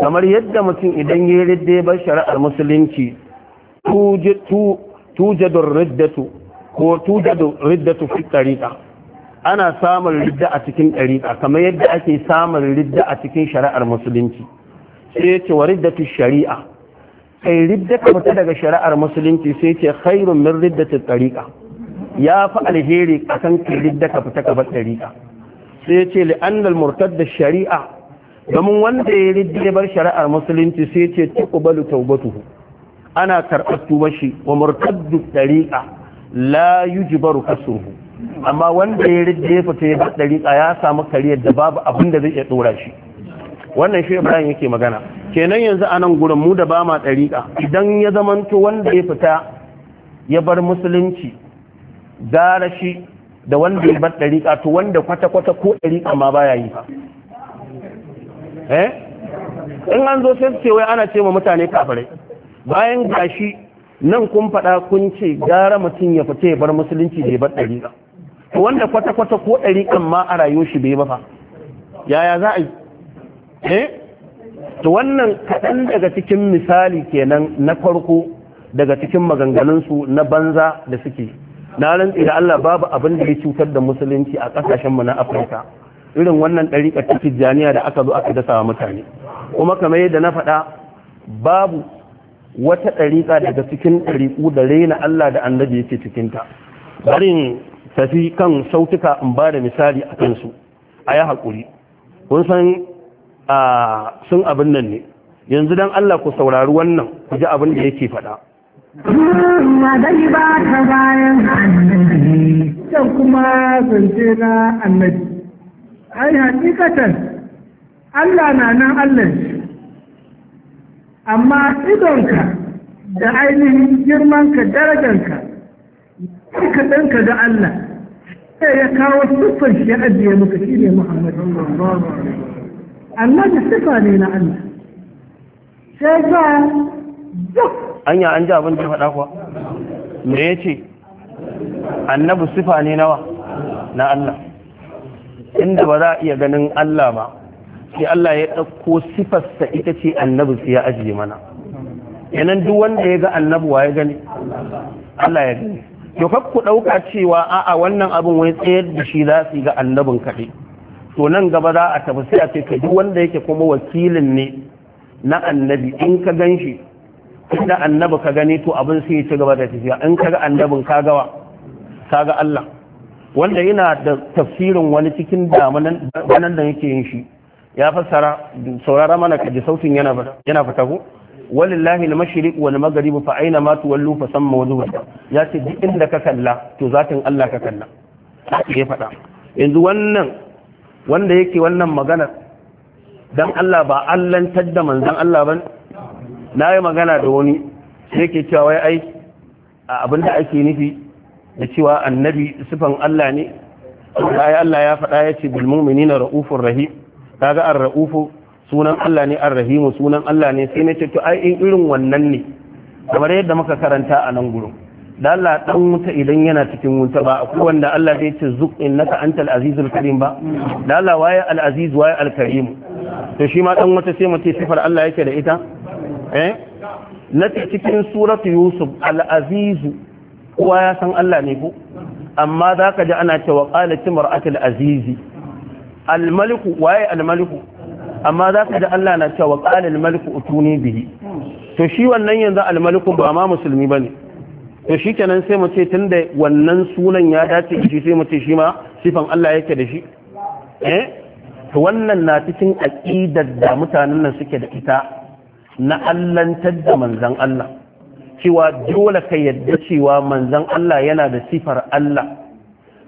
kamar yadda mutum idan ya ridde ya bar shari'ar musulunci tujadu riddatu ko tujadu riddatu fi tariqa ana samun ridda a cikin tariqa kamar yadda ake samun ridda a cikin shari'ar musulunci sai ya ce wa riddatu shari'a kai ridda ka fita daga shari'ar musulunci sai ce khairun min riddatit tariqa ya fi alheri akan kai ridda ka fita ka bar tariqa sai ce li'anna al-murtad da shari'a domin wanda ya ridda bar shari'ar musulunci sai ce tuqbalu tawbatuhu ana karɓar tubar shi wa murtaddu tariqa la yujbaru kasuhu amma wanda ya ridda ya fita ya bar tariqa ya samu kariyar da babu abin da zai iya dora shi wannan shi ibrahim yake magana kenan yanzu a nan gurin mu da ba ma ɗariƙa idan ya zamanto wanda ya fita ya bar musulunci gara shi da wanda ya bar ɗariƙa to wanda kwata-kwata ko ɗariƙa ma baya yi eh in an zo sai ce wai ana ce ma mutane kafirai bayan gashi nan kun faɗa kun ce gara mutum ya fita ya bar musulunci da ya bar ɗariƙa to wanda kwata-kwata ko ɗariƙan ma a rayuwar shi bai ba fa yaya za a yi eh to wannan kaɗan daga cikin misali kenan na farko daga cikin maganganunsu na banza da suke na rantsi da Allah babu abin da ya cutar da musulunci a ƙasashenmu na Afirka irin wannan ɗariƙa ta janiya da aka zo aka dasa wa mutane kuma kamar yadda na faɗa babu wata ɗariƙa daga cikin ɗariku da raina Allah da annabi yake cikinta barin tafi kan sautuka in ba da misali a kansu a yi haƙuri kun san a sun abin nan ne yanzu don Allah ku saurari wannan ku ji abin da yake faɗa.
Madani ba ta bayan annabi, can kuma zance na annabi. Ai, hakikatan, Allah na nan Allah amma idonka da ainihin girmanka darajanka, ka ɗanka da Allah, sai ya kawo siffar shi ajiye muka shi ne
Muhammadu.
annabi sifa ne na Allah sai ga
duk anya an ji abin da faɗa kuwa me ce annabi sifa ne nawa na Allah inda ba za a iya ganin Allah ba sai Allah ya ɗauko sifarsa ita ce annabi sai ya ajiye mana yanan duk wanda ya ga annabi wa ya gani Allah ya gani to ku ɗauka cewa a'a wannan abin wai tsayar da shi za su ga annabin kaɗai to nan gaba za a tafi sai a ce ka duk wanda yake kuma wakilin ne na annabi in ka gan shi inda annabi ka gani to abin sai ya ci gaba da tafiya in ka ga annabin ka gawa ka ga Allah wanda yana da tafsirin wani cikin damanan da yake yin shi ya fassara saurara mana kaji sautin yana yana fita ko walillahi al-mashriq wal maghrib fa aina ma tuwallu fa samma wajhu ya ce duk inda ka kalla to zatin Allah ka kalla ya faɗa yanzu wannan wanda yake wannan maganar dan Allah ba allantar da manzan Allah ban na yi magana da wani sai ke cewa wai ai abinda ake nufi da cewa annabi sifan Allah ne ai Allah ya faɗa ya ce bil mu'minina ra'ufur rahim kaga ar-ra'ufu sunan Allah ne ar-rahimu sunan Allah ne sai ce to ai in irin wannan ne kamar yadda muka karanta a nan gurin da Allah dan wuta idan yana cikin wuta ba ku wanda Allah zai ce zuk innaka antal azizul karim ba da Allah waye al aziz waye al karim to shi ma dan wuta sai mu ce sifar Allah yake da ita eh na cikin suratu yusuf al aziz kowa ya san Allah ne ko amma za ka ji ana cewa qalat imra'atul azizi al maliku waye al maliku amma ka ji Allah na cewa qala al maliku utuni bihi to shi wannan yanzu al maliku ba ma musulmi bane to shi kenan sai mu ce tun wannan sunan ya dace shi sai mu ce shi ma sifan Allah yake da shi eh to wannan na cikin aqidar da mutanen nan suke da ita na allantar da manzon Allah cewa dole ka yadda cewa manzan Allah yana da sifar Allah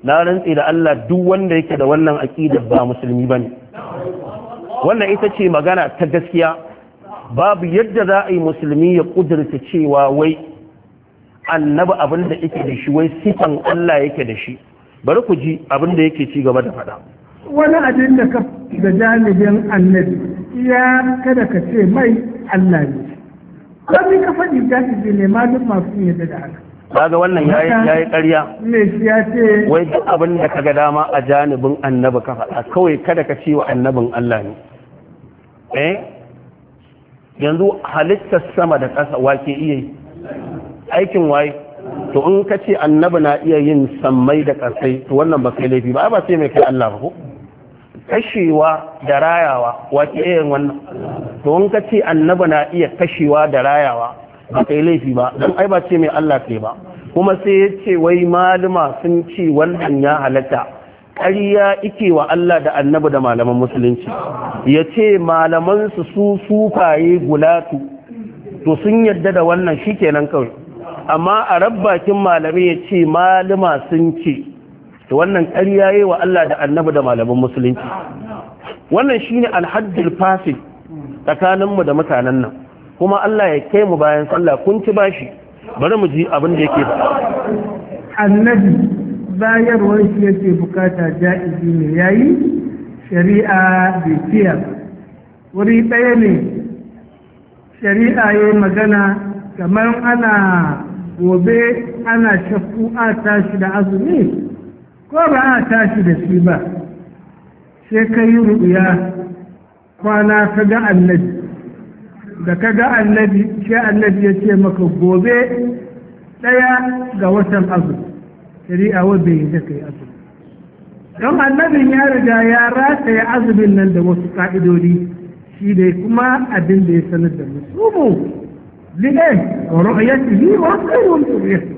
na rantsi da Allah duk wanda yake da wannan aqidar ba musulmi bane wannan ita ce magana ta gaskiya babu yadda za a yi musulmi ya kudurta cewa wai annabi abin da yake da shi wai sifan Allah yake da shi bari ku ji abin da yake ci gaba da faɗa
wani abin da ka da jami'in annabi ya kada ka ce mai Allah ne kami ka faɗi ta ce ne ma duk masu yadda da haka
kaga wannan yayi yayi ƙarya me shi ya ce wai duk abin da kaga dama a janibin annabi ka faɗa kawai kada ka ce wa annabin Allah ne eh yanzu halittar sama da ƙasa wake iya yi aikin waye to in ka ce annabi na iya yin sammai da ƙasai to wannan ba kai laifi ba ba sai mai kai Allah ba ko kashewa da rayawa wace yin wannan to in ka ce annabi na iya kashewa da rayawa ba kai laifi ba don ai ba ce mai Allah kai ba kuma sai ya ce wai malama sun ce wannan ya halatta ƙarya ike wa Allah da annabi da malaman musulunci ya ce malamansu su sufaye gulatu to sun yarda da wannan shi kenan kawai amma a rabbakin malamai ya ce malama sun ce wannan ƙarya yi wa Allah da annabi da malaman musulunci wannan shine alhaddul fasi tsakaninmu da mutanen nan kuma Allah ya kai mu bayan sallah kun ci bashi bari mu ji abin da yake ba.
annabi bayarwar shi yake bukata ja'izi ne yayi shari'a bai ciyar wuri ɗaya ne shari'a ya magana kamar ana gobe ana shakku a tashi da azumi ko ba a tashi da shi ba sai ka yi ruɓuya kwana ka ga annabi da ka ga annabi sai annabi ya ce maka gobe ɗaya ga watan azumi shari'a wadda ya zaka yi azumi don annabin ya riga ya rataya azumin nan da wasu ƙa'idodi shi dai kuma abin da ya sanar da musu لإيه؟ ورؤيته وغير رؤيته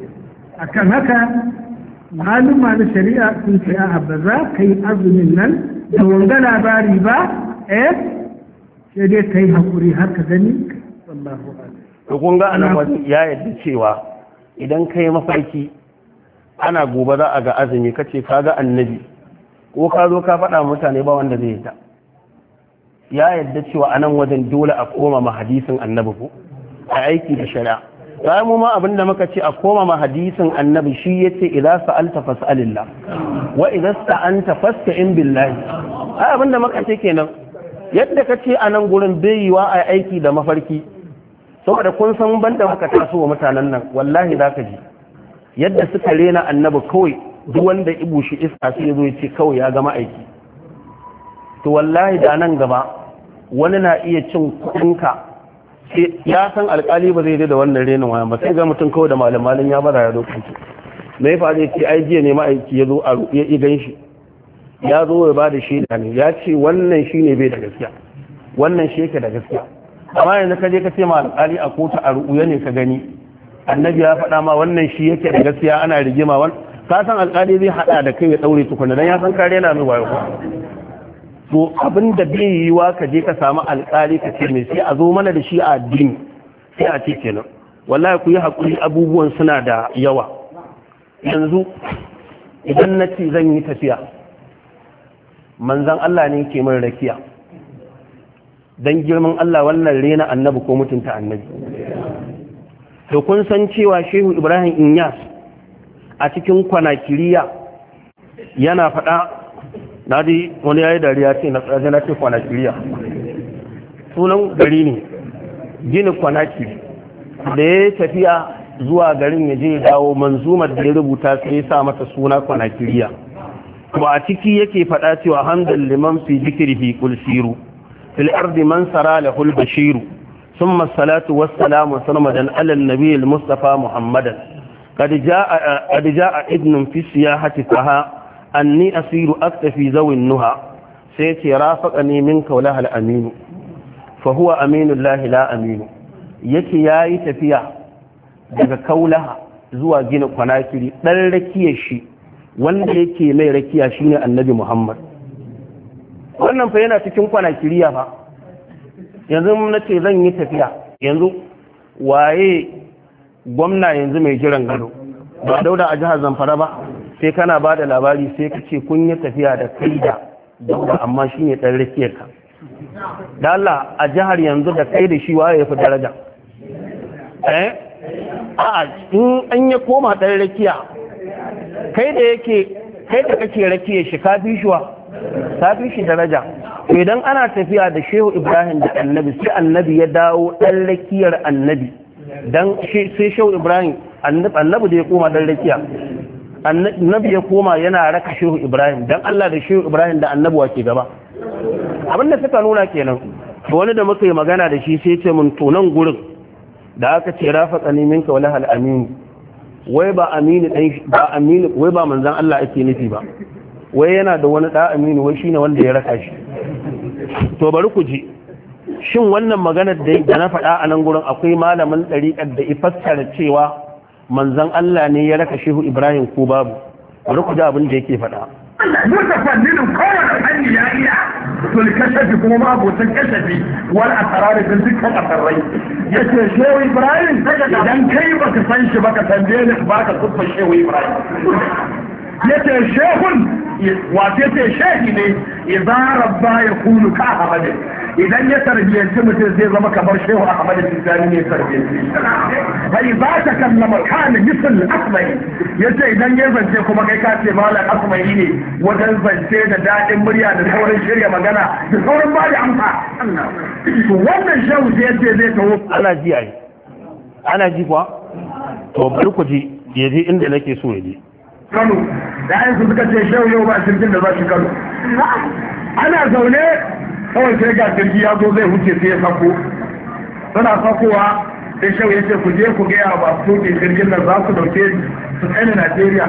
أكن هكا معلوم على الشريعة كنت يا أبزا كي أظن من دوندنا باريبا إيه؟ شديد كي هكوري هكذا منك والله أعلم
kun ga anan wani ya yadda cewa idan ka yi mafarki ana gobe za a ga azumi kace ce ka ga annabi ko ka ka faɗa mutane ba wanda zai yadda ya yadda cewa anan wajen dole a koma ma hadisin annabi ko a aiki da shari'a sai mu ma abinda muka ce a koma ma hadisin annabi shi yace idza sa'alta fas'alillah wa idza sta'anta fasta'in billahi ai abinda muka ce kenan yadda ka ce a nan gurin bai yiwa a aiki da mafarki saboda kun san banda muka taso wa mutanen nan wallahi za ka ji yadda suka rena annabi kawai duk wanda ibu shi iska sai zo ya ce kawai ya gama aiki to wallahi da nan gaba wani na iya cin kuɗinka ya san alkali ba zai je da wannan renin wayan ba sai ga mutum kawai da malam malam ya bara ya zo kanki me fa zai ce ai jiya ne ma aiki ya zo a ya gan shi ya zo ya ba da shaida ne ya ce wannan shi ne bai da gaskiya wannan shi yake da gaskiya amma yanzu ka je ka ce ma alkali a kota a ruɗe ne ka gani annabi ya faɗa ma wannan shi yake da gaskiya ana rigima wannan ka san alkali zai hada da kai ya daure tukuna dan ya san kare na mai wayo to abin da bai yi ka je ka samu alƙali ka ce mai sai a zo mana da shi a addini sai a ce kenan wallahi ku yi haƙuri abubuwan suna da yawa yanzu idan na ce zan yi tafiya manzan Allah ne ke min rakiya dan girman Allah wannan rena annabi ko mutunta annabi to kun san cewa shehu ibrahim inyas a cikin kwanakiriya yana faɗa na ji wani ya yi dariya ce na tsaye na ce kwanakiriya sunan gari ne gini kwanaki da ya tafiya zuwa garin ya je dawo manzumar da ya rubuta sai ya sa mata suna kwanakiriya Ba a ciki yake faɗa cewa hamdan liman fi jikiri fi kulsiru fil ardi man sara lahul bashiru ثم الصلاة والسلام سرمدا على النبي المصطفى محمدا قد جاء, قد جاء ابن في السياحة فها anni asiru aktafi zawin nuha sai ce rafaka ne min kaula hal aminu fa huwa aminullahi la aminu yake yayi tafiya daga kaulaha zuwa gina kwanakiri dan rakiyar shi wanda yake mai rakiya shine annabi Muhammad wannan fa yana cikin kwanakiriya fa yanzu na ce zan yi tafiya yanzu waye gwamna yanzu mai jiran gado ba dauda a jihar zamfara ba sai kana ba da labari sai ka ce kun yi tafiya da kai da dauda amma shi ne ɗan rikiyar ka da Allah a jihar yanzu da kai da shi waye ya fi daraja eh a in an ya koma ɗan rakiya kai da yake kai da kake rakiya shi ka fi shiwa ka fi shi daraja idan ana tafiya da shehu ibrahim da annabi sai annabi ya dawo ɗan rakiyar annabi dan sai shehu ibrahim annabi da ya koma ɗan rakiya annabi ya koma yana raka shehu ibrahim dan Allah da shehu ibrahim da annabuwa ke gaba Abin da suka nuna kenan wani da muka yi magana da shi sai ce mun nan gurin da aka ce rafa tsanimin ka wani al'amini wai ba amini dan ba amini wai ba manzon Allah ake nufi ba wai yana da wani da amini wai shine wanda ya raka shi to bari ku ji shin wannan maganar da na faɗa a nan gurin akwai malamin ɗariƙar da ifassara cewa manzan Allah ne ya raka shehu Ibrahim ko babu bari ku ji abin da yake faɗa
duka fannin kowane fanni ya iya to kashafi kuma ma abotan kashafi wal asrar da dukkan asrai yace shehu Ibrahim idan kai baka san shi ka tambaye ni ba ka tuffa shehu Ibrahim yace shehun wace ce shehi ne idza rabba ya yakunu ka ahadin idan ya tarbiyyanci mutum zai zama kamar shehu ahmad al-tijani ne tarbiyyanci bai ba ta kallama kana misal asmai yace idan ya zance kuma kai ka ce malam asmai ne wajen zance da dadin murya da saurin shirya magana da sauran ba da amsa wannan shehu sai yace zai tawo
ana ji ai ana ji kuwa to bari ku ji ya je inda nake so ya je Kano da
ayyukan suka ce shehu yau ba shirkin da za shi Kano ana zaune kawai sai ga jirgi ya zo zai wuce sai ya sako suna sakowa sai shau ya ce ku je ku gaya ba su ke jirgin nan za su dauke su tsaye najeriya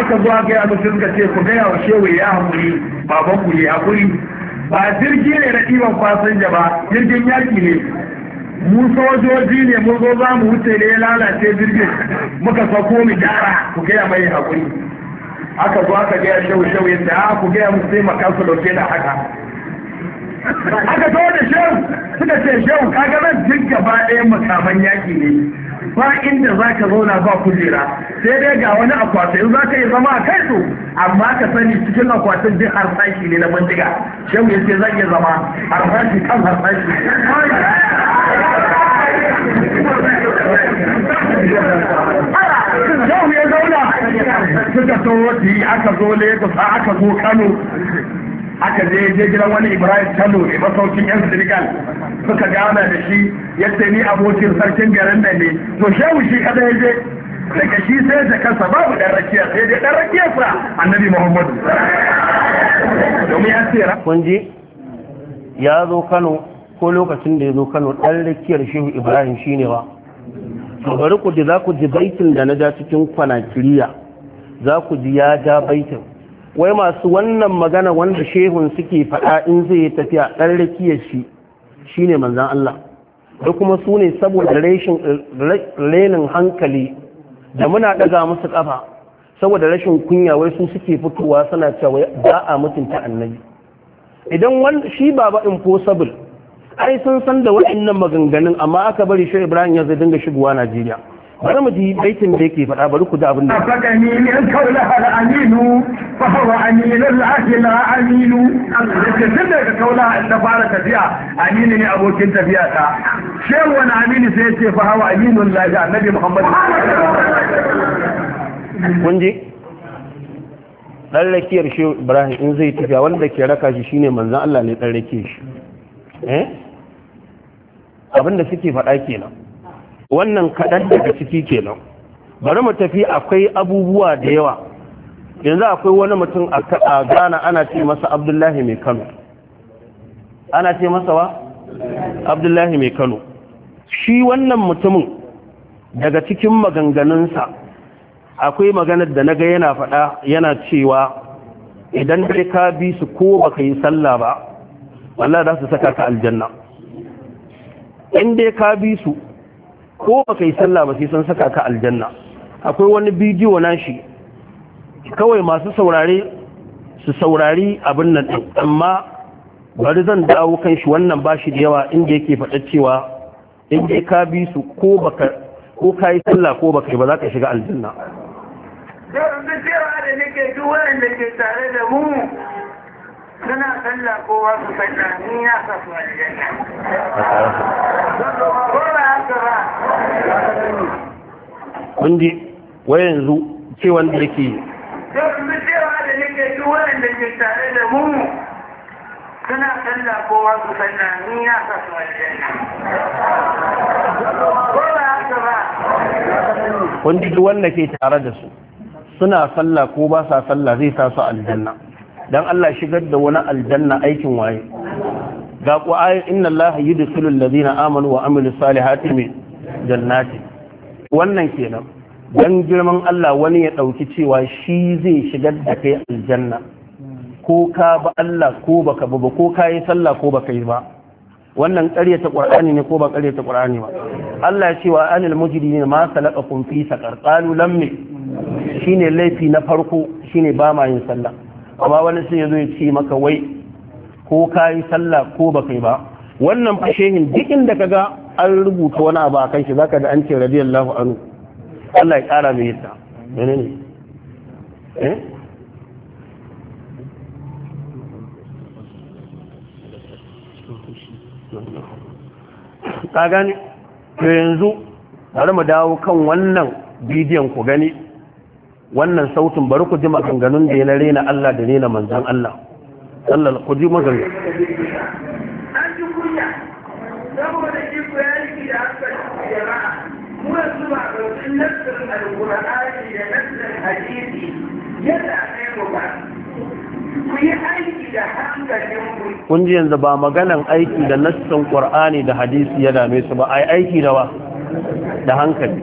aka zuwa gaya sun suka ce ku gaya wa shewa ya hamuri baban ku ya hakuri ba jirgi ne na ɗiban fasinja ba jirgin yaƙi ne mu sojoji ne mu zo za mu wuce ne ya lalace jirgin muka sako mu gyara ku gaya mai haƙuri aka zo ka gaya shehu shehu ya ce ku gaya musu sai su dauke da haka aka zo da shehu suka ce shehu kaga nan duk gaba ɗaya makaman yaƙi ne ba inda za ka zauna ba kujera sai dai ga wani akwatin za ka yi zama a kai su amma ka sani cikin akwatin duk harsashi ne na bindiga shehu ya ce zan iya zama harsashi kan harsashi
Shehu ya zauna
suka tawo aka zo Lagos aka zo Kano aka je je gidan wani ibrahim talo ne masaukin yan senegal suka gana da shi yadda ni abokin sarkin garin nan ne to shehu shi kada ya je daga shi sai da kansa babu ɗan rakiya sai dai ɗan fa annabi muhammadu domin ya
tsira kun ji ya zo kano ko lokacin da ya zo kano ɗan rakiyar shehu ibrahim shine ba bari ku ji za ku ji baitin da na ja cikin kwanakiriya za ku ji ya ja baitin wai masu wannan magana wanda shehun suke faɗa in zai yi tafiya ɗan rikiyar shi shi ne manzan Allah da kuma su ne saboda renin hankali da muna ɗaga musu ƙafa saboda rashin kunya wai su suke fitowa suna cewa ba a mutunta annabi idan shi ba ba impossible ai sun san da waɗannan maganganun amma aka bari shi Ibrahim ya zai dinga shigowa Najeriya bari mu ji baitin da yake faɗa bari ku ji abin da faɗa
ni ne kaula hal aminu fa huwa aminul akila aminu yake tun daga kaula da fara tafiya aminu ne abokin tafiya ta shehu wani aminu sai yace fa huwa aminul lahi annabi muhammad
kun ji dan rakiyar shehu ibrahim in zai tafiya wanda ke raka shi shine manzan Allah ne dan rakiyar shi eh abin da suke faɗa kenan wannan kaɗan daga ciki kenan bari mu tafi akwai abubuwa da yawa yanzu akwai wani mutum a ghana ana ce masa abdullahi mai kano ana ce masa wa abdullahi mai kano shi wannan mutumin daga cikin maganganunsa akwai maganar da naga yana faɗa yana cewa idan dai ka bi su ko baka yi sallah ba wallah za su saka ka aljanna in dai ka bi su ko baka yi sallah ba sai sun saka ka aljanna akwai wani bidiyo na shi. kawai masu saurare su saurari abin nan din amma bari zan dawo kan shi wannan bashi da yawa inda yake faɗa cewa in dai ka bi su ko baka ko ka yi sallah ko baka yi ba za ka shiga aljanna
da nake duk ke tare da mu suna sallah kowa su sallah ni na sa su aljanna ko ba haka ba
kundi wai yanzu ce wanda yake
yanzu cewa da nake duk waɗanda ke tare da mu suna sallah kowa su sallah ni na sa su aljanna ko ba haka ba
kundi duk wanda ke tare da su suna sallah ko ba sa sallah zai sa su aljanna dan Allah shigar da wani aljanna aikin waye ga ƙwa'ayin inna Allah yudkhilu da amanu wa amilu salihati mai jannati wannan kenan don girman Allah wani ya ɗauki cewa shi zai shigar da kai aljanna ko ka ba Allah ko baka ba ko ka yi sallah ko baka yi ba wannan ta ƙur'ani ne ko ba ta ƙur'ani ba Allah ya ce cewa anil mujrimin ma salaqakum fi saqar qalu lam shine laifi na farko shine ba ma yin sallah amma wani sun yanzu ya ce maka wai ko ka yi sallah ko ba kai ba wannan fashehin duk inda ka ga an rubuta wani abu a kan shi zaka da an ce radiyallahu anhu Allah ya kara mai yasa mene ne. Eh? ka gane to yanzu bari mu dawo kan wannan bidiyon ku gani wannan sautin bari ku ji maganganun da ya na rena Allah da rena manzan Allah Allah ku ji maganganun an
ji kunya saboda shi ku ya riki da hankali jama'a mu yanzu ba ɗauki nasirin alƙur'ani da nasirin hadisi yadda kai ku ba ku yi aiki da hankali.
kun ji yanzu ba maganan aiki da nassin qur'ani da hadisi ya dame su ba ai aiki da wa da hankali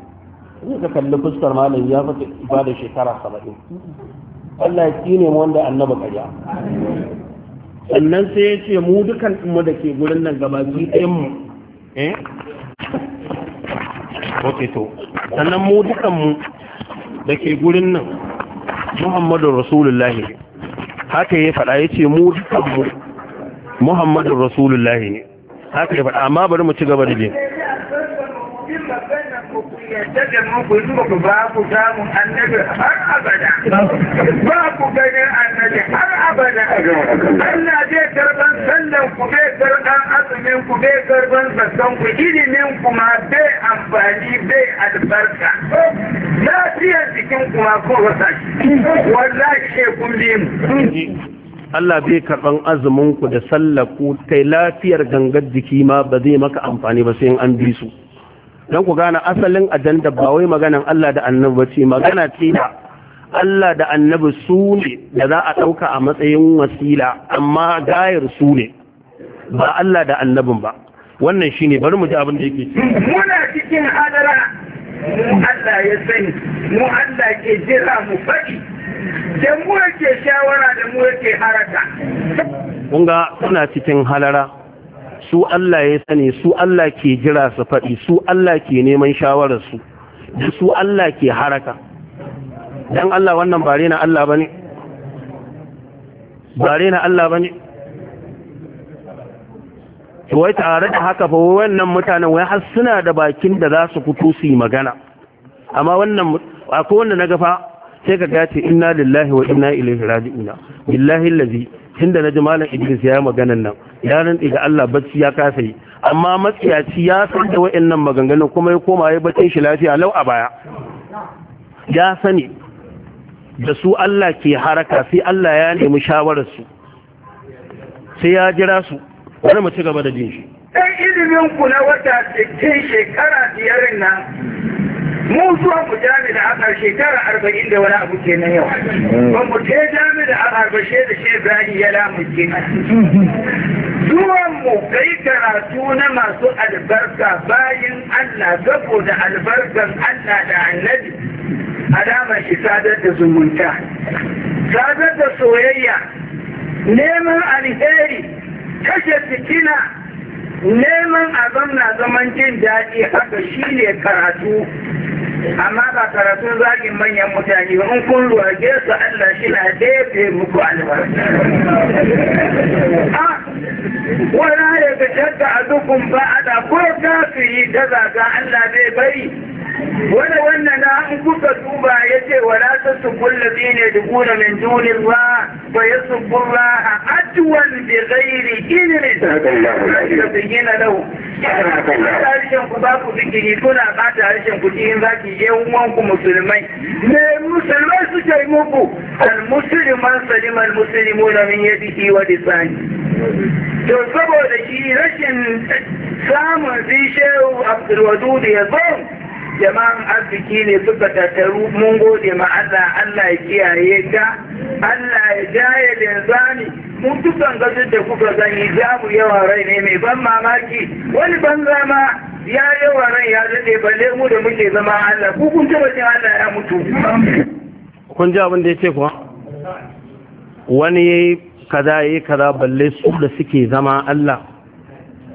in ka kalli fuskar malam ya ba da shekara saba'in Allah ya kine wanda annaba karya sannan sai ya ce mu dukan mu da ke gurin nan gaba ji ɗayan mu eh ok to sannan mu dukan mu da ke gurin nan Muhammadu rasulullah ne haka ya faɗa ya ce mu dukan mu Muhammadu rasulullah ne haka ya faɗa amma bari mu ci gaba da jini
da mu ku zuba ku ba ku samun annabi har abada ba ku ganin annabi har abada Allah zai karban sallan ku bai karban azumin ku bai karban sassan ku ilimin ku ma bai amfani bai albarka lafiyar jikin ku ma ko wasa wallahi shekun
biyu
Allah bai karɓan azuminku da sallaku ta lafiyar gangar jiki ma ba zai maka amfani ba sai an bi su. don ku gane asalin ajandar ba wai maganan Allah da annabi ba ce magana ce da Allah da annabi su ne da za a ɗauka a matsayin wasila amma gayar su ne ba Allah da annabin ba wannan shi ne bari mu ji abin da yake
muna cikin hadara mu Allah ya sani mu Allah ke jira mu faɗi da mu yake shawara da mu yake haraka
kun ga suna cikin halara su Allah ya sani su Allah ke jira su faɗi su Allah ke neman shawararsu da su Allah ke haraka don Allah wannan bare na Allah ba ne bare na Allah ba ne wai tare da haka fa wannan mutanen wai har suna da bakin da za su fito su yi magana amma wannan akwai wanda na gafa sai ka gace inna lillahi wa inna ilaihi raji'una billahi allazi tunda na ji malam Idris ya yi maganan nan ya nan ga Allah bacci ya kasa yi amma matsiyaci ya san da wayannan maganganun kuma ya koma ya bacin shi lafiya lau a baya ya sani da su Allah ke haraka sai Allah ya nemi shawarar su sai ya jira su wani mu ci gaba da jin shi
ɗan ilimin ku na wata cikin shekara biyar nan zuwa mu jami da aka tara arba'in da wani abu ke nan yau hmm. ba mu ta jami da aka da she zani ya lamuke zuwan mu kai karatu na masu albarka bayan Allah saboda albarkan Allah da annabi alama shi sadar da zumunta sadar da soyayya neman alheri kashe fitina neman a zamna zaman jin daɗi haka shi ne karatu amma ba karatun zagin manyan mutane ba in kun ruwa su Allah shi na daidai muku albarka ah, wani ya ga shakka a dukkan ba a da ko ta su yi ta zaga Allah bai bari wani wannan na in kuka duba ya ce wala ta subbul dubu duguna min dunin ba ya fa yasubbu Allah adwan bi ghairi ilmin da bayyana lahu harshen ku ba ku zikiri kuna bata harshen ku cikin zaki yan uwan ku musulmai me musulmai suke muku al musliman salima al muslimuna min yadihi wa lisani to saboda shi rashin samun zishehu abdulwadud ya zo jama'an arziki ne suka tattaru mun gode ma Allah Allah ya kiyaye ta Allah ya jaye zani mun dukan gajin da kuka gani za mu yawa rai ne mai ban mamaki wani ban zama ya yawa rai ya daɗe balle mu da muke zama Allah ku kun taba cin Allah ya mutu.
kun ji abin da ya ce kuwa wani ya yi kaza ya yi kaza balle su da suke zama Allah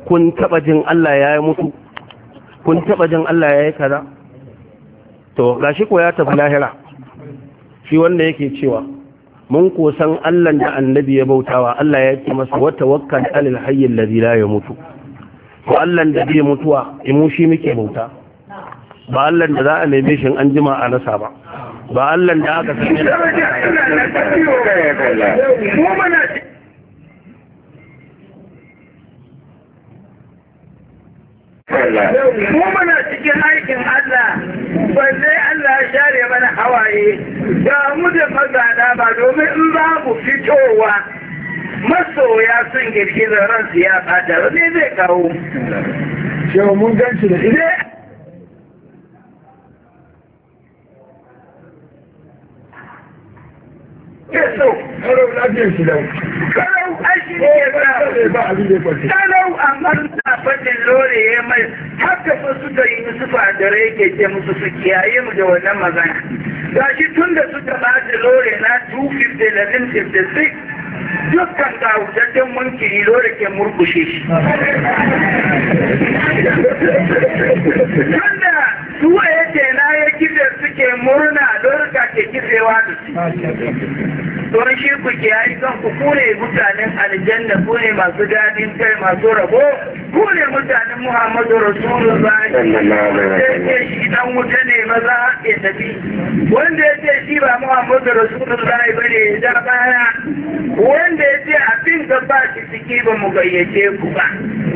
kun taba jin Allah ya yi mutu kun taba jin Allah ya yi kaza to gashi ko ya tafi lahira shi wanda yake cewa mun kosan Allah da annabi ya bautawa Allah ya ce masa wa tawakkal alal hayy alladhi la yamutu to Allah da bai mutuwa imu shi muke bauta ba Allah da za a neme shi an jima a nasa ba ba Allah da aka sani da
Mu
muna cikin aikin Allah balle Allah ya share mana hawaye da mu da magana ba domin in babu fitowa masoya sun girgizar ran siyasa da ne zai kawo shewa mun ganci da ile Yes, Talau amma suna fadin lore ya mai haka fa suka yi Yusufa da ke musu mu da magana. Gashi tun da suka na 256 dukkan mulki rilo da ke murkushe shi. Wanda suwa ya na ya kife suke murna lorika ke kifewa da su. don shi ku ke kiyayi kanku ku ne mutanen aljanna ku ne masu dadin kai masu rabo ku ne mutanen muhammadu rasulullah ya shi dan wuta ne maza ya tafi wanda ya ce shi ba muhammadu rasulullah ba ne ya baya wanda ya ce abin da ba shi ciki ba mu gayyace ku ba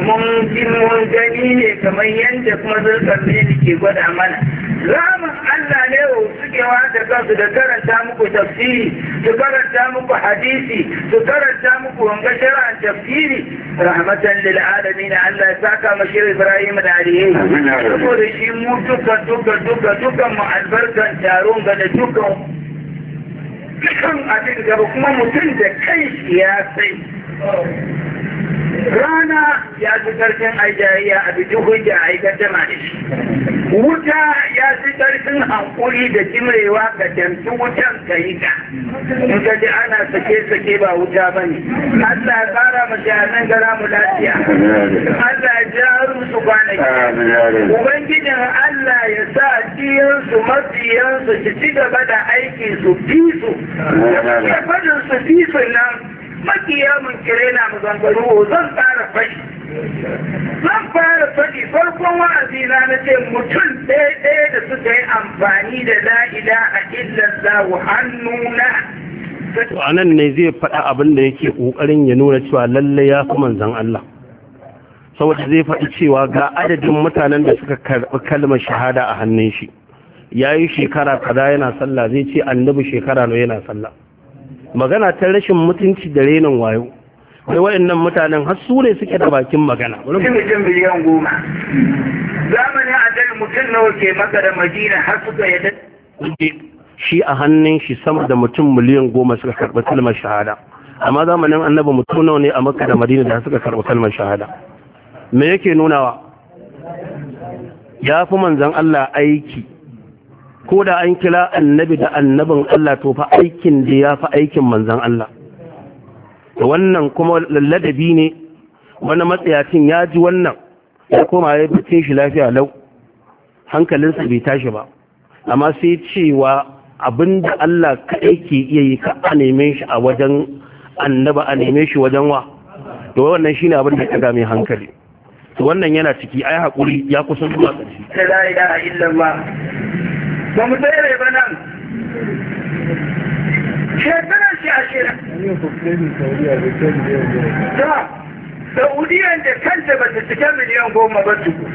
mun ji mun gani ne kamar yadda kuma zurkar ne ke gwada mana ramin Allah ne wa suke wata kansu da karanta muku tafsiri su karanta سترجع مكو حديثي سترجع مكو عن تفكيري رحمة للعالمين على ساكا مشير إبراهيم العليين تقول شيء موتوكا توكا توكا توكا مع البركة انتارون قد توكا كم أدنك بكم ممتن دكيش يا سيد rana ya fi ƙarfin ajiyayya a bikin hujja a aikatama da wuta ya fi ƙarfin hankuri da jimrewa ka damci wutan ka yi ta in ka ji ana sake-sake ba wuta ba ne Allah ya fara mu jami'an gara mu lafiya Allah ya ja su kwanaki ubangijin Allah ya sa diyansu mafiyansu su ci gaba da aiki su fi su ya fadin su fi su nan makiya mun kire na maganganu zan fara fashi zan fara faɗi farkon wa'azi na na ce mutum ɗaya da suka yi amfani da la'ida a illar illallahu na
to a nan ne zai faɗa abin da yake ƙoƙarin ya nuna cewa lalle ya fi manzan Allah saboda zai faɗi cewa ga adadin mutanen da suka karɓi kalmar shahada a hannun shi ya yi shekara kaza yana sallah zai ce annabi shekara no yana sallah magana ta rashin mutunci da renin wayo kai waɗannan mutanen har su ne suke da bakin magana mutum
biliyan goma zamanin adal mutum nawa ke maka da madina har suka yadda
shi a hannun shi sama da mutum miliyan goma suka karɓi kalmar shahada amma zamanin annabi mutum nawa ne a maka da madina da suka karɓi kalmar shahada me yake nunawa ya fi manzan Allah aiki ko da an kira annabi da annabin Allah to fa aikin da ya fa aikin manzan Allah wannan kuma ladabi ne wani matsayacin ya ji wannan ya koma ya bace shi lafiya lau hankalinsa bai tashi ba amma sai cewa abinda Allah kaɗai ke iya yi ka a neme shi a wajen annaba a neme shi wajen wa to wannan shine abin da ya mai hankali to wannan yana ciki ai hakuri ya kusa zuwa ƙarshe
la ilaha illallah ba mu tsere ba nan shekarar shi ashirin ta saudiyan da kanta ba ta cike miliyan goma ba tuku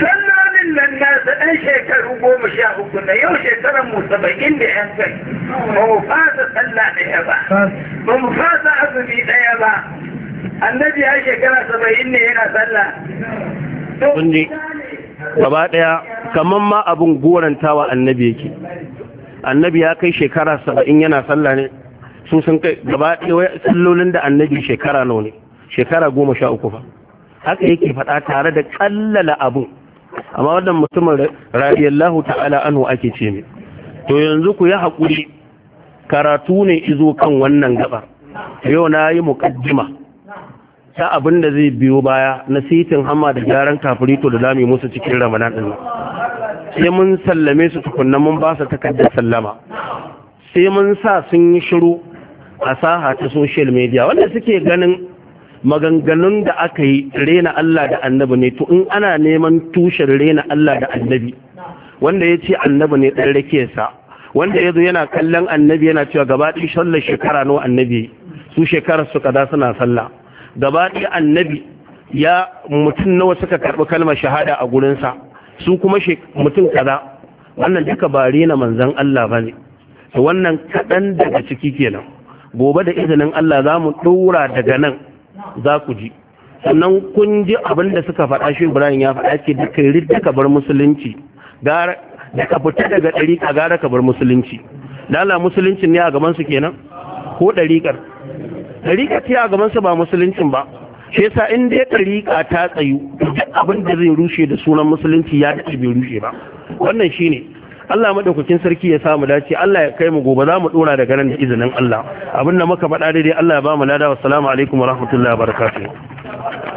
sallolin nan nasa ɗan shekaru goma sha uku na yau shekarar mu saba'in da yan kai ba mu fasa sallah ɗaya ba ba mu fasa azumi ɗaya ba annabi ya shekara saba'in ne yana sallah
gaba ɗaya kamar ma abin gorantawa annabi yake annabi ya kai shekara saba'in yana sallah ne sun sun kai gaba ɗaya sallolin da annabi shekara nawa ne shekara goma sha uku fa haka yake faɗa tare da kallala abu amma wannan mutumin radiyallahu ta'ala anhu ake ce ne to yanzu ku yi haƙuri karatu ne izo kan wannan gaba yau na yi muƙaddima ta abin da zai biyo baya na sitin hama da gyaran kafirito da zami musu cikin ramadan din sai mun sallame su tukunna mun ba su takardar sallama sai mun sa sun yi shiru a saha ta social media wanda suke ganin maganganun da aka yi rena Allah da annabi ne to in ana neman tushen rena Allah da annabi wanda ya ce annabi ne rake sa wanda yazo yana kallon annabi yana cewa gaba ɗin sallar shekara nawa annabi su shekarar su kaza suna sallah gaba ɗaya annabi ya mutum nawa suka karɓi kalmar shahada a gurinsa su kuma mutum kaza wannan duka ba rena manzan Allah ba ne to wannan kaɗan daga ciki kenan gobe da izinin Allah za mu ɗora daga nan za ku ji sannan kun ji abin da suka faɗa shi Ibrahim ya faɗa ce da kai bar musulunci gara da ka fita daga ka gara ka bar musulunci lala musulunci ne a gaban su kenan ko ɗarikar ɗariƙa ce a gabansa ba musuluncin ba shi yasa in dai tariƙa ta tsayu duk abin da zai rushe da sunan musulunci ya daɗe bai rushe ba wannan shi ne. Allah madaukakin sarki ya samu dace Allah ya kai mu gobe za mu dora daga nan da izinin Allah abin da muka faɗa daidai Allah ya ba mu lada wa salamu alaikum wa rahmatullahi wa barakatuh